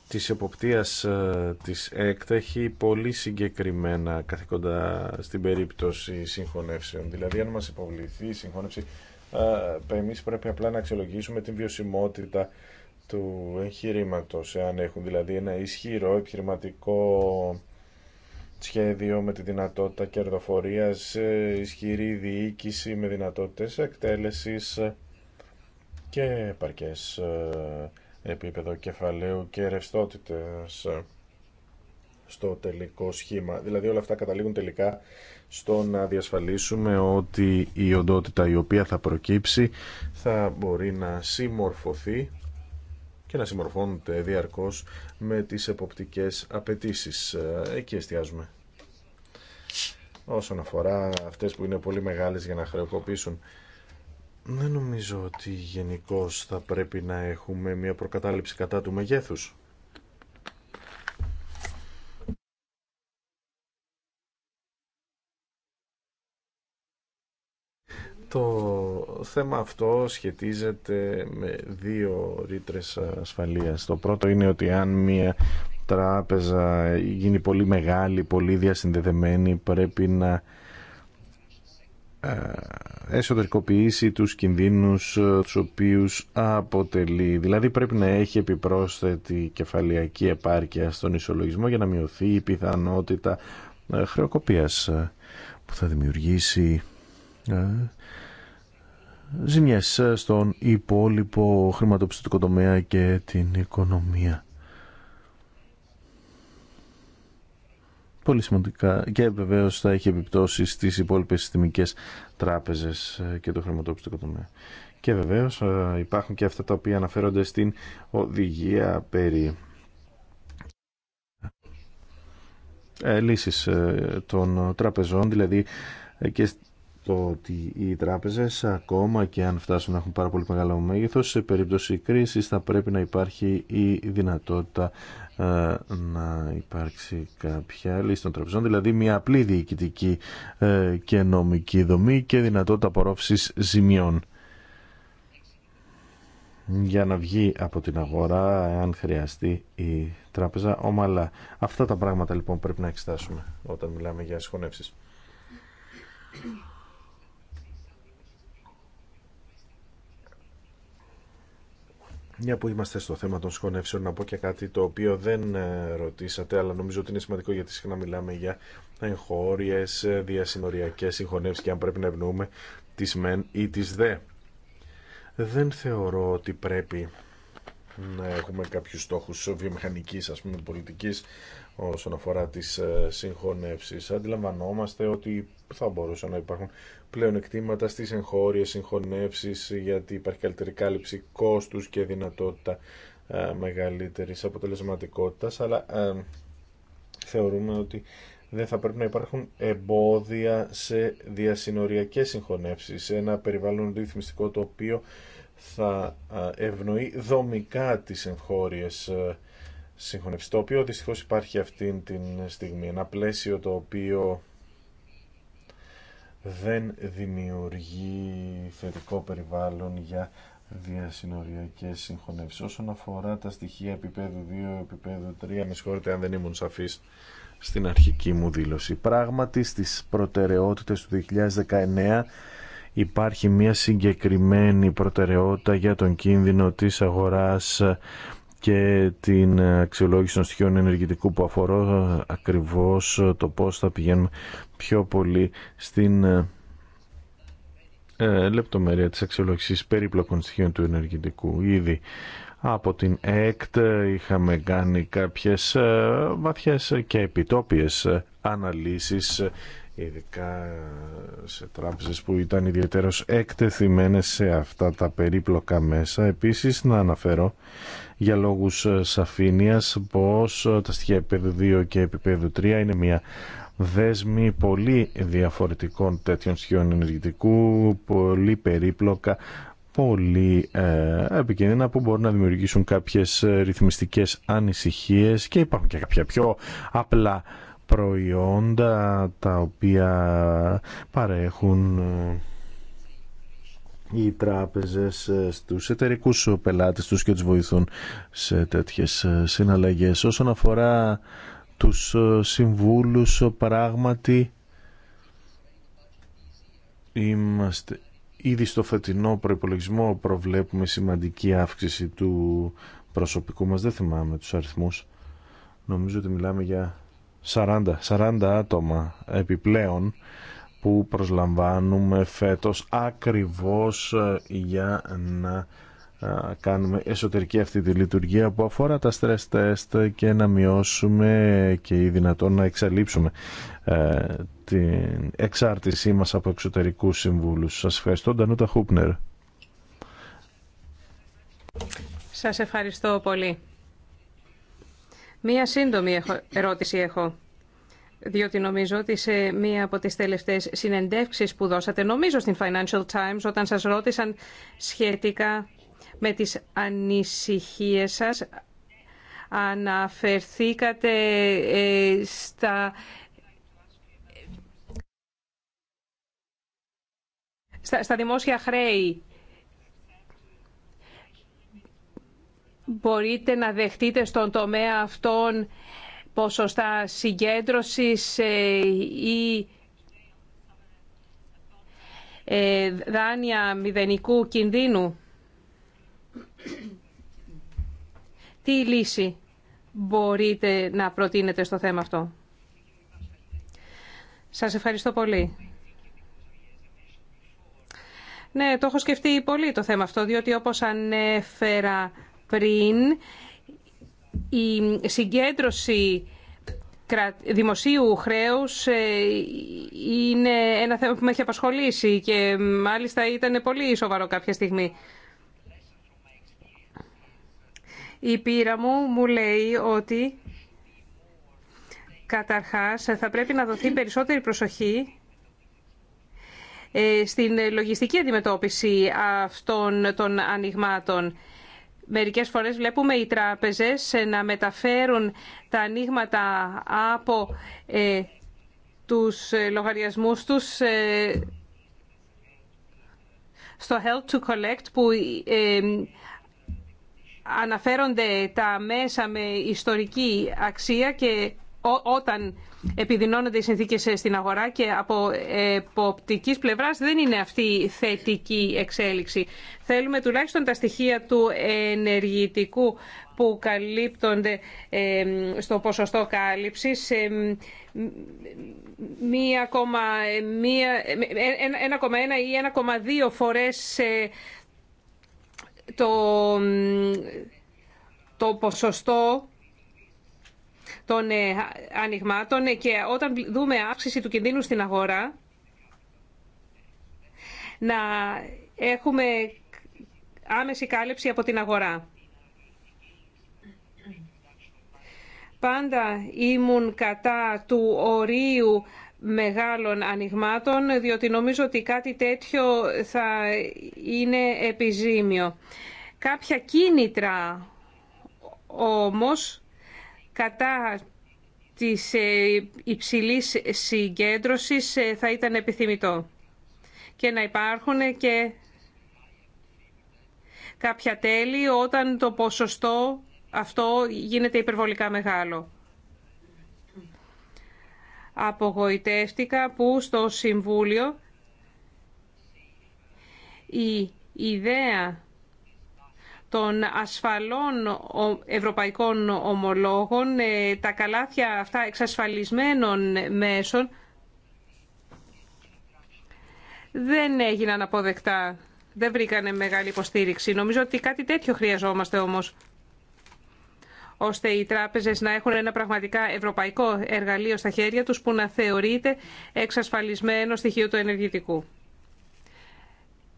της εποπτείας ε, της ΕΚΤ έχει πολύ συγκεκριμένα καθήκοντα στην περίπτωση συγχωνεύσεων. Δηλαδή αν μας υποβληθεί η συγχώνευση ε, εμείς πρέπει απλά να αξιολογήσουμε την βιωσιμότητα του εγχειρήματο, εάν έχουν δηλαδή ένα ισχυρό επιχειρηματικό σχέδιο με τη δυνατότητα κερδοφορίας, ε, ισχυρή διοίκηση με δυνατότητες εκτέλεσης και επαρκές επίπεδο κεφαλαίου και ρευστότητες στο τελικό σχήμα. Δηλαδή όλα αυτά καταλήγουν τελικά στο να διασφαλίσουμε ότι η οντότητα η οποία θα προκύψει θα μπορεί να συμμορφωθεί και να συμμορφώνεται διαρκώς με τις εποπτικές απαιτήσεις. Εκεί εστιάζουμε. Όσον αφορά αυτές που είναι πολύ μεγάλες για να χρεοκοπήσουν δεν νομίζω ότι γενικώ θα πρέπει να έχουμε μια προκατάληψη κατά του μεγέθους. Το θέμα αυτό σχετίζεται με δύο ρήτρε ασφαλείας. Το πρώτο είναι ότι αν μια τράπεζα γίνει πολύ μεγάλη, πολύ διασυνδεδεμένη, πρέπει να ε, εσωτερικοποιήσει τους κινδύνους ε, τους οποίους αποτελεί. Δηλαδή πρέπει να έχει επιπρόσθετη κεφαλιακή επάρκεια στον ισολογισμό για να μειωθεί η πιθανότητα ε, χρεοκοπίας που θα δημιουργήσει ζημιές στον υπόλοιπο χρηματοπιστωτικό τομέα και την οικονομία. πολύ σημαντικά και βεβαίω θα έχει επιπτώσει στι υπόλοιπε συστημικέ τράπεζε και το χρηματοπιστικό τομέα. Και βεβαίω, ε, υπάρχουν και αυτά τα οποία αναφέρονται στην οδηγία περί ε, λύσεις ε, των τραπεζών, δηλαδή και το ότι οι τράπεζες ακόμα και αν φτάσουν να έχουν πάρα πολύ μεγάλο μέγεθος σε περίπτωση κρίσης θα πρέπει να υπάρχει η δυνατότητα ε, να υπάρξει κάποια λύση των τραπεζών δηλαδή μια απλή διοικητική ε, και νομική δομή και δυνατότητα απορρόφησης ζημιών για να βγει από την αγορά αν χρειαστεί η τράπεζα ομαλά. Αυτά τα πράγματα λοιπόν πρέπει να εξετάσουμε όταν μιλάμε για συγχωνεύσεις. Μια που είμαστε στο θέμα των συγχωνεύσεων, να πω και κάτι το οποίο δεν ε, ρωτήσατε, αλλά νομίζω ότι είναι σημαντικό γιατί συχνά μιλάμε για εγχώριε, διασυνοριακέ συγχωνεύσει και αν πρέπει να ευνοούμε τι μεν ή τι δε. Δεν θεωρώ ότι πρέπει να έχουμε κάποιους στόχους βιομηχανικής ας πούμε πολιτικής όσον αφορά τις ε, συγχωνεύσεις. Αντιλαμβανόμαστε ότι θα μπορούσαν να υπάρχουν πλέον εκτήματα στις εγχώριες συγχωνεύσεις γιατί υπάρχει καλύτερη κάλυψη κόστους και δυνατότητα ε, μεγαλύτερης αποτελεσματικότητας αλλά ε, θεωρούμε ότι δεν θα πρέπει να υπάρχουν εμπόδια σε διασυνοριακές συγχωνεύσεις, σε ένα περιβάλλον ρυθμιστικό το οποίο θα ε, ευνοεί δομικά τις εγχώριες ε, συγχωνεύσεις, το οποίο δυστυχώς υπάρχει αυτή τη στιγμή, ένα πλαίσιο το οποίο δεν δημιουργεί θετικό περιβάλλον για διασυνοριακέ συγχωνεύσει. Όσον αφορά τα στοιχεία επίπεδου 2, επίπεδου 3, με συγχωρείτε αν δεν ήμουν σαφή στην αρχική μου δήλωση. Πράγματι στι προτεραιότητε του 2019 υπάρχει μια συγκεκριμένη προτεραιότητα για τον κίνδυνο της αγοράς και την αξιολόγηση των στοιχείων ενεργητικού που αφορώ ακριβώς το πώς θα πηγαίνουμε πιο πολύ στην ε, ε λεπτομέρεια της αξιολόγησης περίπλοκων στοιχείων του ενεργητικού. Ήδη από την ΕΚΤ είχαμε κάνει κάποιες ε, βαθιές και επιτόπιες αναλύσεις ειδικά σε τράπεζες που ήταν ιδιαίτερως εκτεθειμένες σε αυτά τα περίπλοκα μέσα. Επίσης να αναφέρω για λόγους ε, σαφήνειας πως ε, τα στοιχεία επίπεδου 2 και επίπεδου 3 είναι μια δέσμη πολύ διαφορετικών τέτοιων στοιχείων ενεργητικού, πολύ περίπλοκα, πολύ ε, επικίνδυνα που μπορούν να δημιουργήσουν κάποιες ε, ρυθμιστικές ανησυχίες και υπάρχουν και κάποια πιο απλά προϊόντα τα οποία παρέχουν οι τράπεζες ε, στους εταιρικούς πελάτες τους και τους βοηθούν σε τέτοιες ε, συναλλαγές. Όσον αφορά τους ε, συμβούλους, πράγματι είμαστε ήδη στο φετινό προϋπολογισμό προβλέπουμε σημαντική αύξηση του προσωπικού μας. Δεν θυμάμαι τους αριθμούς. Νομίζω ότι μιλάμε για 40, 40 άτομα επιπλέον που προσλαμβάνουμε φέτος ακριβώς ε, για να ε, κάνουμε εσωτερική αυτή τη λειτουργία που αφορά τα stress test και να μειώσουμε και ή δυνατόν να εξαλείψουμε ε, την εξάρτησή μας από εξωτερικούς συμβούλους. Σας ευχαριστώ, Ντανούτα Χούπνερ. Σας ευχαριστώ πολύ. Μία σύντομη ερώτηση έχω διότι νομίζω ότι σε μία από τις τελευταίες συνεντεύξεις που δώσατε, νομίζω στην Financial Times, όταν σας ρώτησαν σχετικά με τις ανησυχίες σας, αναφερθήκατε ε, στα... Στα, στα δημόσια χρέη μπορείτε να δεχτείτε στον τομέα αυτών ποσοστά συγκέντρωσης ε, ή ε, δάνεια μηδενικού κινδύνου. Τι λύση μπορείτε να προτείνετε στο θέμα αυτό. Σας ευχαριστώ πολύ. Ναι, το έχω σκεφτεί πολύ το θέμα αυτό, διότι όπως ανέφερα πριν, η συγκέντρωση δημοσίου χρέους ε, είναι ένα θέμα που με έχει απασχολήσει και μάλιστα ήταν πολύ σοβαρό κάποια στιγμή. Η πείρα μου μου λέει ότι καταρχάς θα πρέπει να δοθεί περισσότερη προσοχή ε, στην λογιστική αντιμετώπιση αυτών των ανοιγμάτων. Μερικές φορές βλέπουμε οι τράπεζες να μεταφέρουν τα ανοίγματα από ε, τους ε, λογαριασμούς τους ε, στο Help to Collect που ε, αναφέρονται τα μέσα με ιστορική αξία και όταν επιδεινώνονται οι συνθήκες ε, στην αγορά και από εποπτικής πλευράς δεν είναι αυτή η θετική εξέλιξη. Θέλουμε τουλάχιστον τα στοιχεία του ενεργητικού που καλύπτονται ε, στο ποσοστό κάλυψης 1,1 ε, ή 1,2 φορές το, το ποσοστό των ε, ανοιγμάτων ε, και όταν δούμε αύξηση του κινδύνου στην αγορά, να έχουμε άμεση κάλυψη από την αγορά. Πάντα ήμουν κατά του ορίου μεγάλων ανοιγμάτων, διότι νομίζω ότι κάτι τέτοιο θα είναι επιζήμιο. Κάποια κίνητρα όμως κατά της ε, υψηλής συγκέντρωσης ε, θα ήταν επιθυμητό. Και να υπάρχουν και κάποια τέλη όταν το ποσοστό αυτό γίνεται υπερβολικά μεγάλο. Απογοητεύτηκα που στο Συμβούλιο η ιδέα των ασφαλών ευρωπαϊκών ομολόγων, ε, τα καλάθια αυτά εξασφαλισμένων μέσων, δεν έγιναν αποδεκτά. Δεν βρήκανε μεγάλη υποστήριξη. Νομίζω ότι κάτι τέτοιο χρειαζόμαστε όμως, ώστε οι τράπεζες να έχουν ένα πραγματικά ευρωπαϊκό εργαλείο στα χέρια τους που να θεωρείται εξασφαλισμένο στοιχείο του ενεργητικού.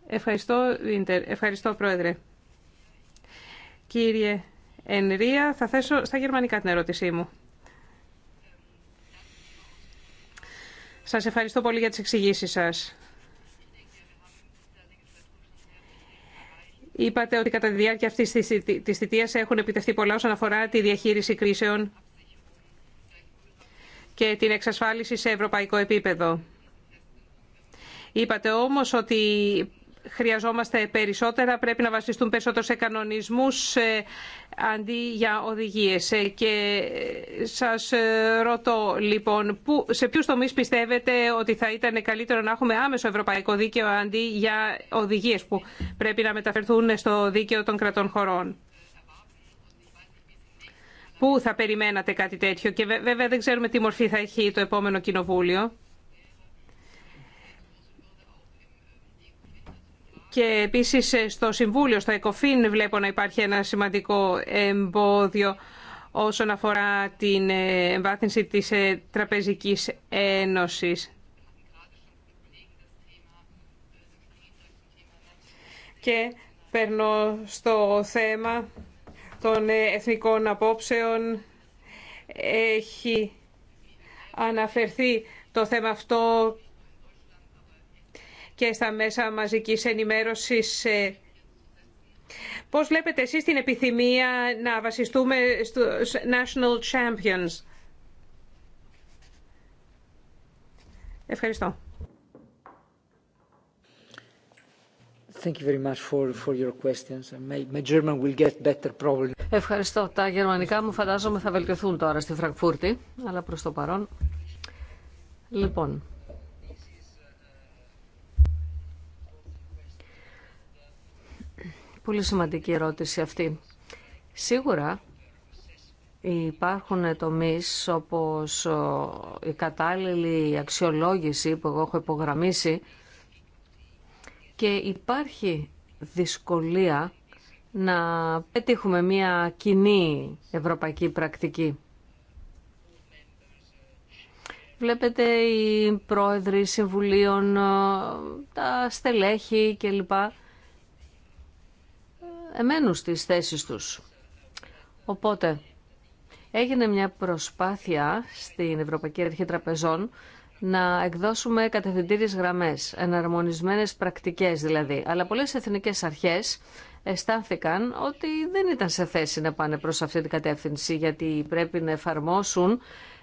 Ευχαριστώ, Βίντερ. Ευχαριστώ, Πρόεδρε. Κύριε Ενρία, θα θέσω στα γερμανικά την ερώτησή μου. Σας ευχαριστώ πολύ για τις εξηγήσεις σας. Είπατε ότι κατά τη διάρκεια αυτή τη θητεία έχουν επιτευχθεί πολλά όσον αφορά τη διαχείριση κρίσεων και την εξασφάλιση σε ευρωπαϊκό επίπεδο. Είπατε όμως ότι χρειαζόμαστε περισσότερα, πρέπει να βασιστούν περισσότερο σε κανονισμούς ε, αντί για οδηγίες. Ε, και ε, σας ρωτώ λοιπόν, σε ποιους τομείς πιστεύετε ότι θα ήταν καλύτερο να έχουμε άμεσο ευρωπαϊκό δίκαιο αντί για οδηγίες που πρέπει να μεταφερθούν στο δίκαιο των κρατών χωρών. Πού θα περιμένατε κάτι τέτοιο και βέβαια δεν ξέρουμε τι μορφή θα έχει το επόμενο κοινοβούλιο. Και επίσης ε, στο Συμβούλιο, στο ΕΚΟΦΗΝ βλέπω να υπάρχει ένα σημαντικό εμπόδιο όσον αφορά την ε, εμβάθυνση της ε, Τραπεζικής Ένωσης. Και περνώ στο θέμα των εθνικών απόψεων. Έχει αναφερθεί το θέμα αυτό και στα μέσα μαζικής ενημέρωσης. Ε. Πώς βλέπετε εσείς την επιθυμία να βασιστούμε στους National Champions. Ευχαριστώ. Ευχαριστώ. Τα γερμανικά μου φαντάζομαι θα βελτιωθούν τώρα στη Φραγκφούρτη, αλλά προς το παρόν. Λοιπόν, Πολύ σημαντική ερώτηση αυτή. Σίγουρα υπάρχουν τομείς όπως ε, η κατάλληλη αξιολόγηση που εγώ έχω υπογραμμίσει και υπάρχει δυσκολία να πετύχουμε μια κοινή ευρωπαϊκή πρακτική. Βλέπετε οι πρόεδροι συμβουλίων, ε, τα στελέχη κλπ μένουν στις θέσεις τους. Οπότε έγινε μια προσπάθεια στην Ευρωπαϊκή Αρχή Τραπεζών να εκδώσουμε κατευθυντήριες γραμμές, εναρμονισμένες πρακτικές δηλαδή. Αλλά πολλές εθνικές αρχές αισθάνθηκαν ότι δεν ήταν σε θέση να πάνε προς αυτή την κατεύθυνση γιατί πρέπει να εφαρμόσουν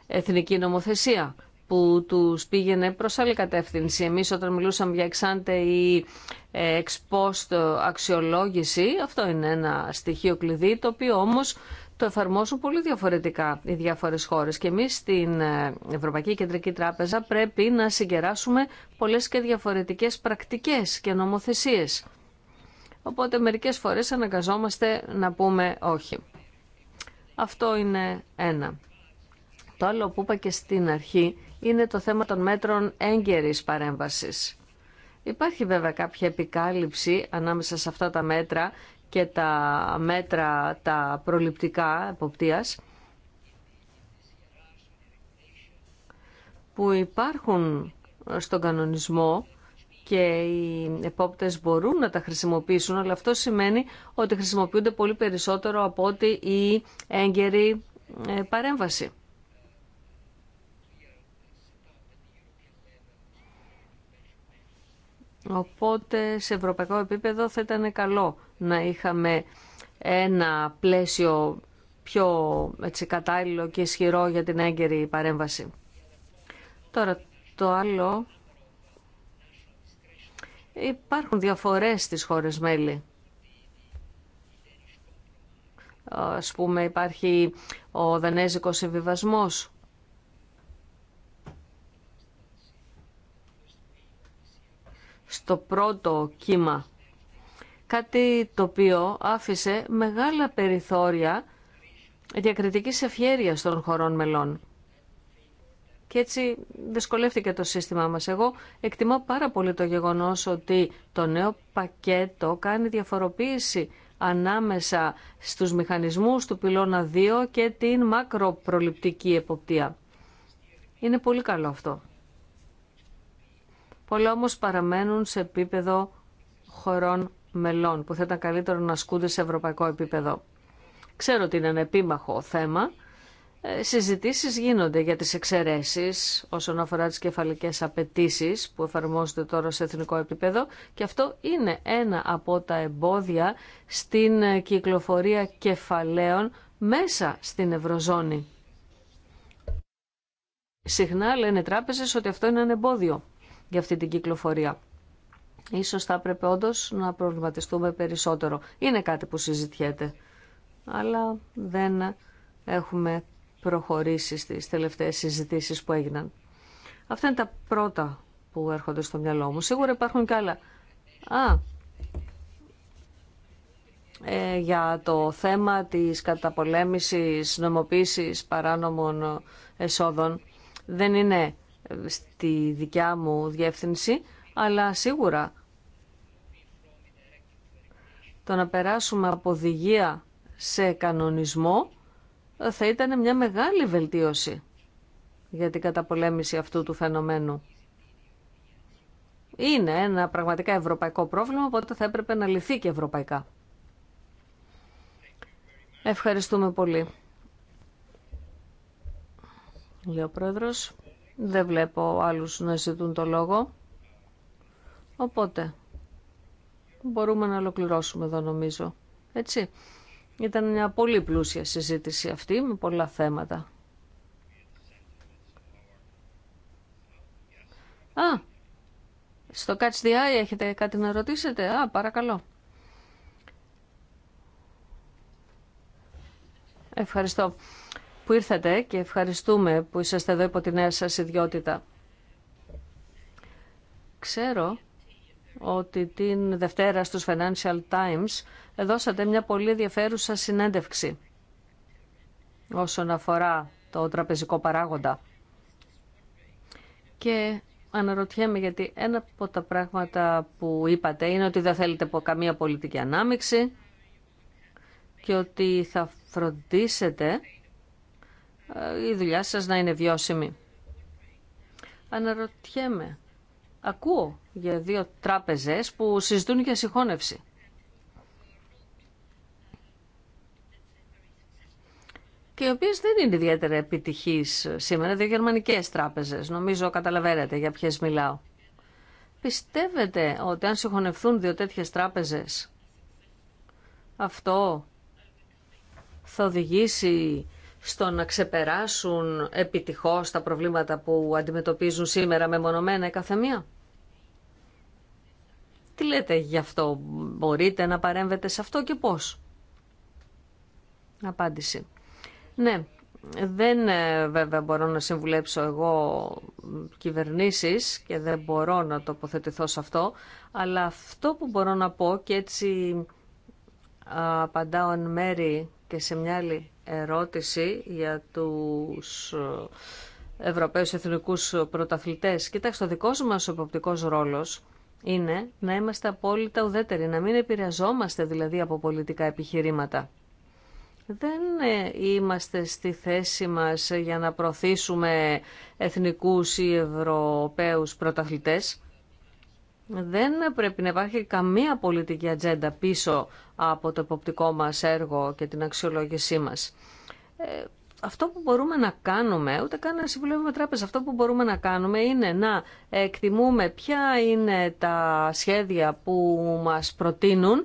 εθνική νομοθεσία που τους πήγαινε προς άλλη κατεύθυνση. Εμείς όταν μιλούσαμε για εξάντε ή εξπόστ αξιολόγηση, αυτό είναι ένα στοιχείο κλειδί, το οποίο όμως το εφαρμόσουν πολύ διαφορετικά οι διάφορες χώρες. Και εμείς στην ε, Ευρωπαϊκή Κεντρική Τράπεζα πρέπει να συγκεράσουμε πολλές και διαφορετικές πρακτικές και νομοθεσίες. Οπότε μερικές φορέ αναγκαζόμαστε να πούμε όχι. Αυτό είναι ένα. Το άλλο που είπα και στην αρχή είναι το θέμα των μέτρων έγκαιρης παρέμβασης. Υπάρχει βέβαια κάποια επικάλυψη ανάμεσα σε αυτά τα μέτρα και τα μέτρα τα προληπτικά εποπτείας που υπάρχουν στον κανονισμό και οι επόπτες μπορούν να τα χρησιμοποιήσουν, αλλά αυτό σημαίνει ότι χρησιμοποιούνται πολύ περισσότερο από ότι η έγκαιρη ε, παρέμβαση. Οπότε σε ευρωπαϊκό επίπεδο θα ήταν καλό να είχαμε ένα πλαίσιο πιο έτσι, κατάλληλο και ισχυρό για την έγκαιρη παρέμβαση. Τώρα το άλλο. Υπάρχουν διαφορές στις χώρες μέλη. Ας πούμε υπάρχει ο δανέζικος συμβιβασμός στο πρώτο κύμα. Κάτι το οποίο άφησε μεγάλα περιθώρια διακριτικής ευχέρεια των χωρών μελών. Και έτσι δυσκολεύτηκε το σύστημά μας. Εγώ εκτιμώ πάρα πολύ το γεγονός ότι το νέο πακέτο κάνει διαφοροποίηση ανάμεσα στους μηχανισμούς του πυλώνα 2 και την μακροπροληπτική εποπτεία. Είναι πολύ καλό αυτό. Πολλοί όμως παραμένουν σε επίπεδο χωρών μελών που θα ήταν καλύτερο να ασκούνται σε ευρωπαϊκό επίπεδο. Ξέρω ότι είναι ένα επίμαχο θέμα. Ε, συζητήσεις γίνονται για τις εξαιρέσεις όσον αφορά τις κεφαλικές απαιτήσει που εφαρμόζονται τώρα σε εθνικό επίπεδο και αυτό είναι ένα από τα εμπόδια στην κυκλοφορία κεφαλαίων μέσα στην Ευρωζώνη. Συχνά λένε τράπεζες ότι αυτό είναι ένα εμπόδιο για αυτή την κυκλοφορία. Ίσως θα έπρεπε όντω να προβληματιστούμε περισσότερο. Είναι κάτι που συζητιέται, αλλά δεν έχουμε προχωρήσει στις τελευταίες συζητήσεις που έγιναν. Αυτά είναι τα πρώτα που έρχονται στο μυαλό μου. Σίγουρα υπάρχουν και άλλα. Α, ε, για το θέμα της καταπολέμησης νομοποίησης παράνομων εσόδων δεν είναι στη δικιά μου διεύθυνση, αλλά σίγουρα το να περάσουμε από οδηγία σε κανονισμό θα ήταν μια μεγάλη βελτίωση για την καταπολέμηση αυτού του φαινομένου. Είναι ένα πραγματικά ευρωπαϊκό πρόβλημα, οπότε θα έπρεπε να λυθεί και ευρωπαϊκά. Ευχαριστούμε πολύ. Λέω πρόεδρος. Δεν βλέπω άλλους να ζητούν το λόγο. Οπότε, μπορούμε να ολοκληρώσουμε εδώ νομίζω. Έτσι. Ήταν μια πολύ πλούσια συζήτηση αυτή με πολλά θέματα. Α, στο Catch the Eye έχετε κάτι να ρωτήσετε. Α, παρακαλώ. Ευχαριστώ που ήρθατε και ευχαριστούμε που είσαστε εδώ υπό τη νέα σας ιδιότητα. Ξέρω ότι την Δευτέρα στους Financial Times δώσατε μια πολύ ενδιαφέρουσα συνέντευξη όσον αφορά το τραπεζικό παράγοντα. Και αναρωτιέμαι γιατί ένα από τα πράγματα που είπατε είναι ότι δεν θέλετε καμία πολιτική ανάμειξη και ότι θα φροντίσετε ε, η δουλειά σας να είναι βιώσιμη. Αναρωτιέμαι. Ακούω για δύο τράπεζες που συζητούν για συγχώνευση. και οι οποίε δεν είναι ιδιαίτερα επιτυχεί σήμερα. Δύο γερμανικέ τράπεζε. Νομίζω καταλαβαίνετε για ποιε μιλάω. Πιστεύετε ότι αν συγχωνευτούν δύο τέτοιε τράπεζε, αυτό θα οδηγήσει στο να ξεπεράσουν επιτυχώς τα προβλήματα που αντιμετωπίζουν σήμερα μεμονωμένα η καθεμία. Τι λέτε γι' αυτό, μπορείτε να παρέμβετε σε αυτό και πώς. Απάντηση. Ναι, δεν ε, βέβαια μπορώ να συμβουλέψω εγώ κυβερνήσεις και δεν μπορώ να τοποθετηθώ σε αυτό, αλλά αυτό που μπορώ να πω και έτσι απαντάω εν μέρη και σε μια άλλη ερώτηση για τους ε, Ευρωπαίους Εθνικούς Πρωταθλητές. Κοιτάξτε, ο δικός μας ο εποπτικός ρόλος είναι να είμαστε απόλυτα ουδέτεροι, να μην επηρεαζόμαστε δηλαδή από πολιτικά επιχειρήματα. Δεν ε, είμαστε στη θέση μας για να προωθήσουμε εθνικούς ή ευρωπαίους πρωταθλητές. Δεν πρέπει να υπάρχει καμία πολιτική ατζέντα πίσω από το εποπτικό μας έργο και την αξιολόγησή μας. Ε, αυτό που μπορούμε να κάνουμε, ούτε καν να συμβουλεύουμε τράπεζα, αυτό που μπορούμε να κάνουμε είναι να εκτιμούμε ποια είναι τα σχέδια που μας προτείνουν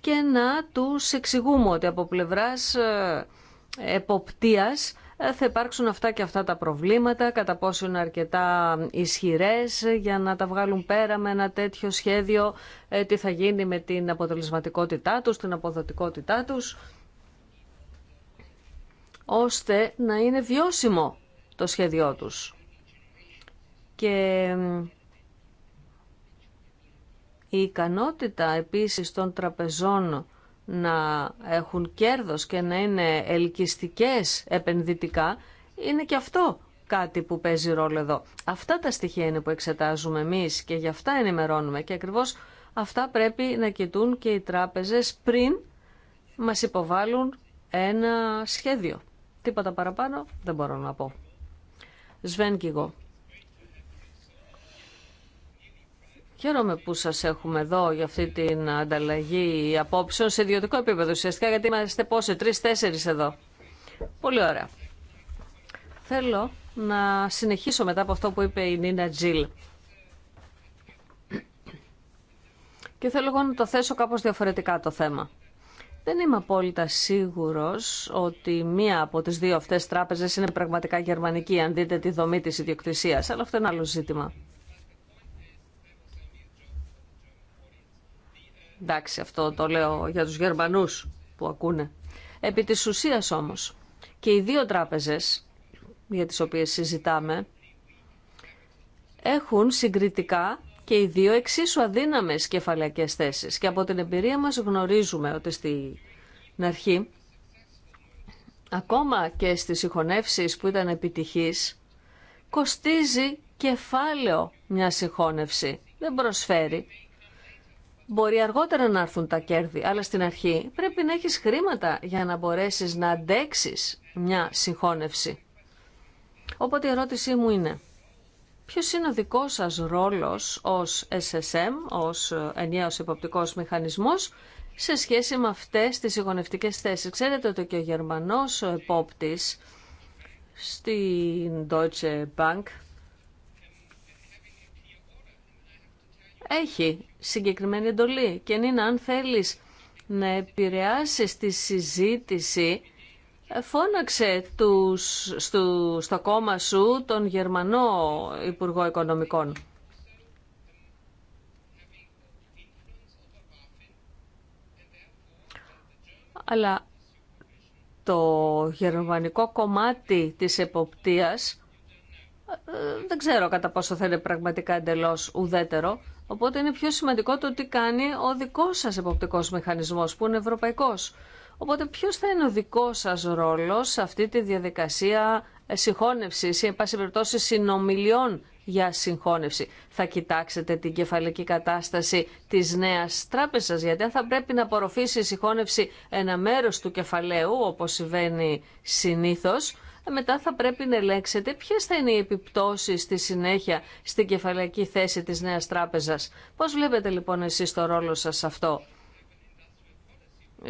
και να τους εξηγούμε ότι από πλευράς ε, εποπτείας ε, θα υπάρξουν αυτά και αυτά τα προβλήματα, κατά πόσο είναι αρκετά ισχυρές για να τα βγάλουν πέρα με ένα τέτοιο σχέδιο, ε, τι θα γίνει με την αποτελεσματικότητά τους, την αποδοτικότητά τους, ώστε να είναι βιώσιμο το σχέδιό τους. Και η ικανότητα επίσης των τραπεζών να έχουν κέρδος και να είναι ελκυστικές επενδυτικά, είναι και αυτό κάτι που παίζει ρόλο εδώ. Αυτά τα στοιχεία είναι που εξετάζουμε εμείς και γι' αυτά ενημερώνουμε και ακριβώς αυτά πρέπει να κοιτούν και οι τράπεζες πριν μας υποβάλουν ένα σχέδιο. Τίποτα παραπάνω δεν μπορώ να πω. Σβέν εγώ. Χαίρομαι που σας έχουμε εδώ για αυτή την ανταλλαγή απόψεων σε ιδιωτικό επίπεδο ουσιαστικά γιατί είμαστε πόσοι, τρεις-τέσσερις εδώ. Πολύ ωραία. Θέλω να συνεχίσω μετά από αυτό που είπε η Νίνα Τζιλ. Και θέλω εγώ να το θέσω κάπως διαφορετικά το θέμα. Δεν είμαι απόλυτα σίγουρος ότι μία από τις δύο αυτές τράπεζες είναι πραγματικά γερμανική, αν δείτε τη δομή της ιδιοκτησίας, αλλά αυτό είναι άλλο ζήτημα. Εντάξει, αυτό το λέω για τους Γερμανούς που ακούνε. Επί της ουσίας όμως και οι δύο τράπεζες για τις οποίες συζητάμε έχουν συγκριτικά και οι δύο εξίσου αδύναμες κεφαλαϊκές θέσεις. Και από την εμπειρία μας γνωρίζουμε ότι στην αρχή ακόμα και στις συγχωνεύσεις που ήταν επιτυχής κοστίζει κεφάλαιο μια συγχώνευση. Δεν προσφέρει Μπορεί αργότερα να έρθουν τα κέρδη, αλλά στην αρχή πρέπει να έχεις χρήματα για να μπορέσεις να αντέξεις μια συγχώνευση. Οπότε η ερώτησή μου είναι, ποιος είναι ο δικός σας ρόλος ως SSM, ως ενιαίος υποπτικός μηχανισμός, σε σχέση με αυτές τις συγχωνευτικές θέσεις. Ξέρετε ότι και ο Γερμανός ο επόπτης στην Deutsche Bank έχει συγκεκριμένη εντολή και είναι αν θέλεις να επηρεάσει τη συζήτηση φώναξε τους, στο, στο κόμμα σου τον Γερμανό Υπουργό Οικονομικών. Αλλά το γερμανικό κομμάτι της εποπτείας ε, δεν ξέρω κατά πόσο θέλει πραγματικά εντελώ ουδέτερο. Οπότε είναι πιο σημαντικό το τι κάνει ο δικός σας εποπτικό μηχανισμός που είναι ευρωπαϊκός. Οπότε ποιο θα είναι ο δικό σας ρόλος σε αυτή τη διαδικασία ε, συγχώνευσης ή εν πάση συνομιλιών για συγχώνευση. Θα κοιτάξετε την κεφαλική κατάσταση της νέας τράπεζας, γιατί θα πρέπει να απορροφήσει η συγχώνευση ένα μέρο του κεφαλαίου, όπως συμβαίνει συνήθω μετά θα πρέπει να ελέγξετε ποιε θα είναι οι επιπτώσεις στη συνέχεια στην κεφαλαϊκή θέση της νέας τράπεζας. Πώς βλέπετε λοιπόν εσείς το ρόλο σας σε αυτό.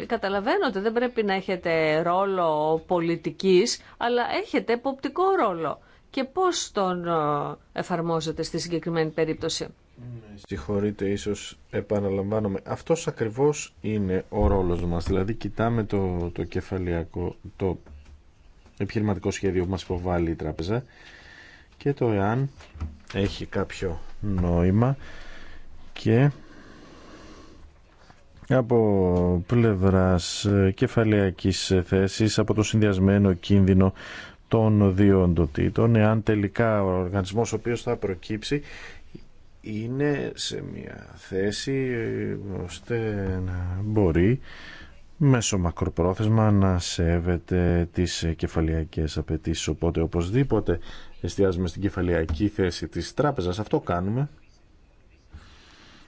Καταλαβαίνω ότι δεν πρέπει να έχετε ρόλο πολιτικής, αλλά έχετε εποπτικό ρόλο. Και πώς τον ε, εφαρμόζετε στη συγκεκριμένη περίπτωση. Συγχωρείτε, ίσως επαναλαμβάνομαι. Αυτός ακριβώς είναι ο ρόλος μας. Δηλαδή κοιτάμε το, το κεφαλιακό, το επιχειρηματικό σχέδιο που μας υποβάλλει η τράπεζα και το εάν έχει κάποιο νόημα και από πλευράς κεφαλαιακής θέσης από το συνδυασμένο κίνδυνο των δύο οντοτήτων εάν τελικά ο οργανισμός ο οποίος θα προκύψει είναι σε μια θέση ώστε να μπορεί μέσω μακροπρόθεσμα να σέβεται τις κεφαλιακές απαιτήσει. Οπότε οπωσδήποτε εστιάζουμε στην κεφαλιακή θέση της τράπεζας. Αυτό κάνουμε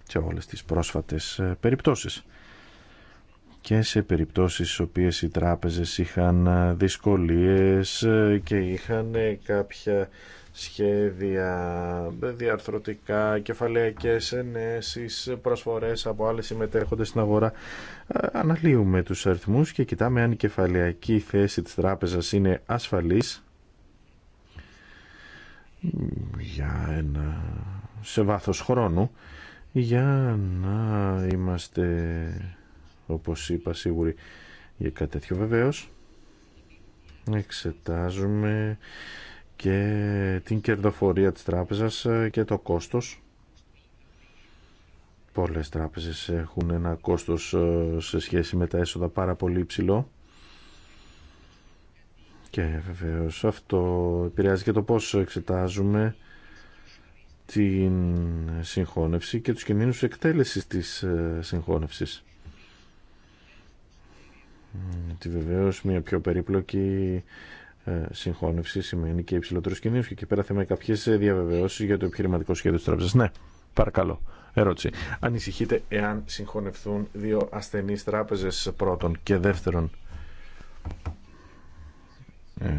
σε όλες τις πρόσφατες ε, περιπτώσεις και σε περιπτώσεις στις οποίες οι τράπεζες είχαν ε, δυσκολίες ε, και είχαν κάποια σχέδια, διαρθρωτικά, κεφαλαιακές ενέσεις, προσφορές από άλλες συμμετέχοντες στην αγορά. Ε, αναλύουμε τους αριθμούς και κοιτάμε αν η κεφαλαιακή θέση της τράπεζας είναι ασφαλής για ένα, σε βάθος χρόνου για να είμαστε όπως είπα σίγουροι για κάτι τέτοιο βεβαίως εξετάζουμε και την κερδοφορία της τράπεζας ε, και το κόστος. Πολλές τράπεζες έχουν ένα κόστος ε, σε σχέση με τα έσοδα πάρα πολύ υψηλό και βεβαίως αυτό επηρεάζει και το πώς εξετάζουμε την συγχώνευση και τους κινδύνους εκτέλεσης της ε, συγχώνευσης. Τη βεβαίως μια πιο περίπλοκη ε, συγχώνευση σημαίνει και υψηλότερου κινδύνου. Και εκεί πέρα θα κάποιε διαβεβαιώσει για το επιχειρηματικό σχέδιο τη τράπεζα. Ναι, παρακαλώ. Ερώτηση. Ανησυχείτε εάν συγχωνευτούν δύο ασθενεί τράπεζε πρώτον και δεύτερον. Ε,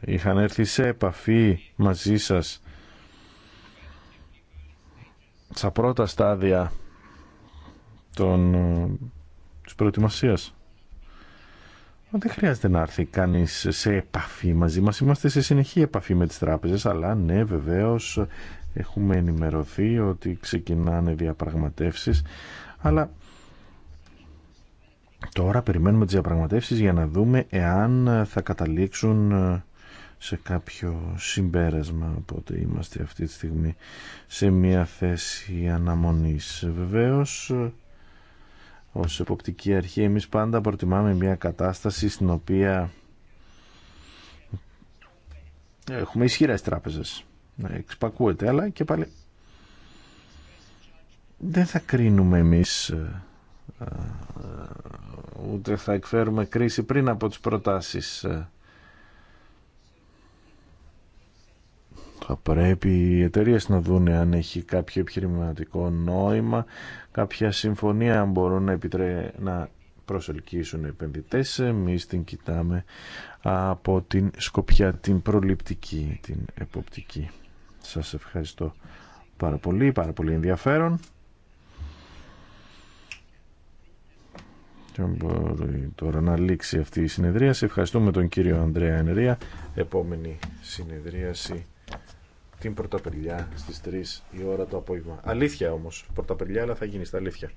είχαν έρθει σε επαφή μαζί σας στα πρώτα στάδια των, ε, της προετοιμασίας. Δεν χρειάζεται να έρθει κανείς σε επαφή μαζί μας. Είμαστε σε συνεχή επαφή με τις τράπεζες, αλλά ναι βεβαίω, έχουμε ενημερωθεί ότι ξεκινάνε διαπραγματεύσεις, αλλά τώρα περιμένουμε τι διαπραγματεύσεις για να δούμε εάν θα καταλήξουν σε κάποιο συμπέρασμα οπότε είμαστε αυτή τη στιγμή σε μια θέση αναμονής βεβαίως ως εποπτική αρχή εμείς πάντα προτιμάμε μια κατάσταση στην οποία έχουμε ισχυρές τράπεζες εξπακούεται αλλά και πάλι δεν θα κρίνουμε εμείς ε, ε, ούτε θα εκφέρουμε κρίση πριν από τις προτάσεις ε, θα πρέπει οι εταιρείε να δουν αν έχει κάποιο επιχειρηματικό νόημα κάποια συμφωνία αν μπορούν να, επιτρέ... να προσελκύσουν επενδυτές. Εμείς την κοιτάμε από την σκοπιά, την προληπτική, την εποπτική. Σας ευχαριστώ πάρα πολύ, πάρα πολύ ενδιαφέρον. Και μπορεί τώρα να λήξει αυτή η συνεδρίαση. Ευχαριστούμε τον κύριο Ανδρέα Ενρία. Επόμενη συνεδρίαση την Πρωταπριλιά στι 3 η ώρα το απόγευμα. Αλήθεια όμως, Πρωταπριλιά αλλά θα γίνει στα αλήθεια.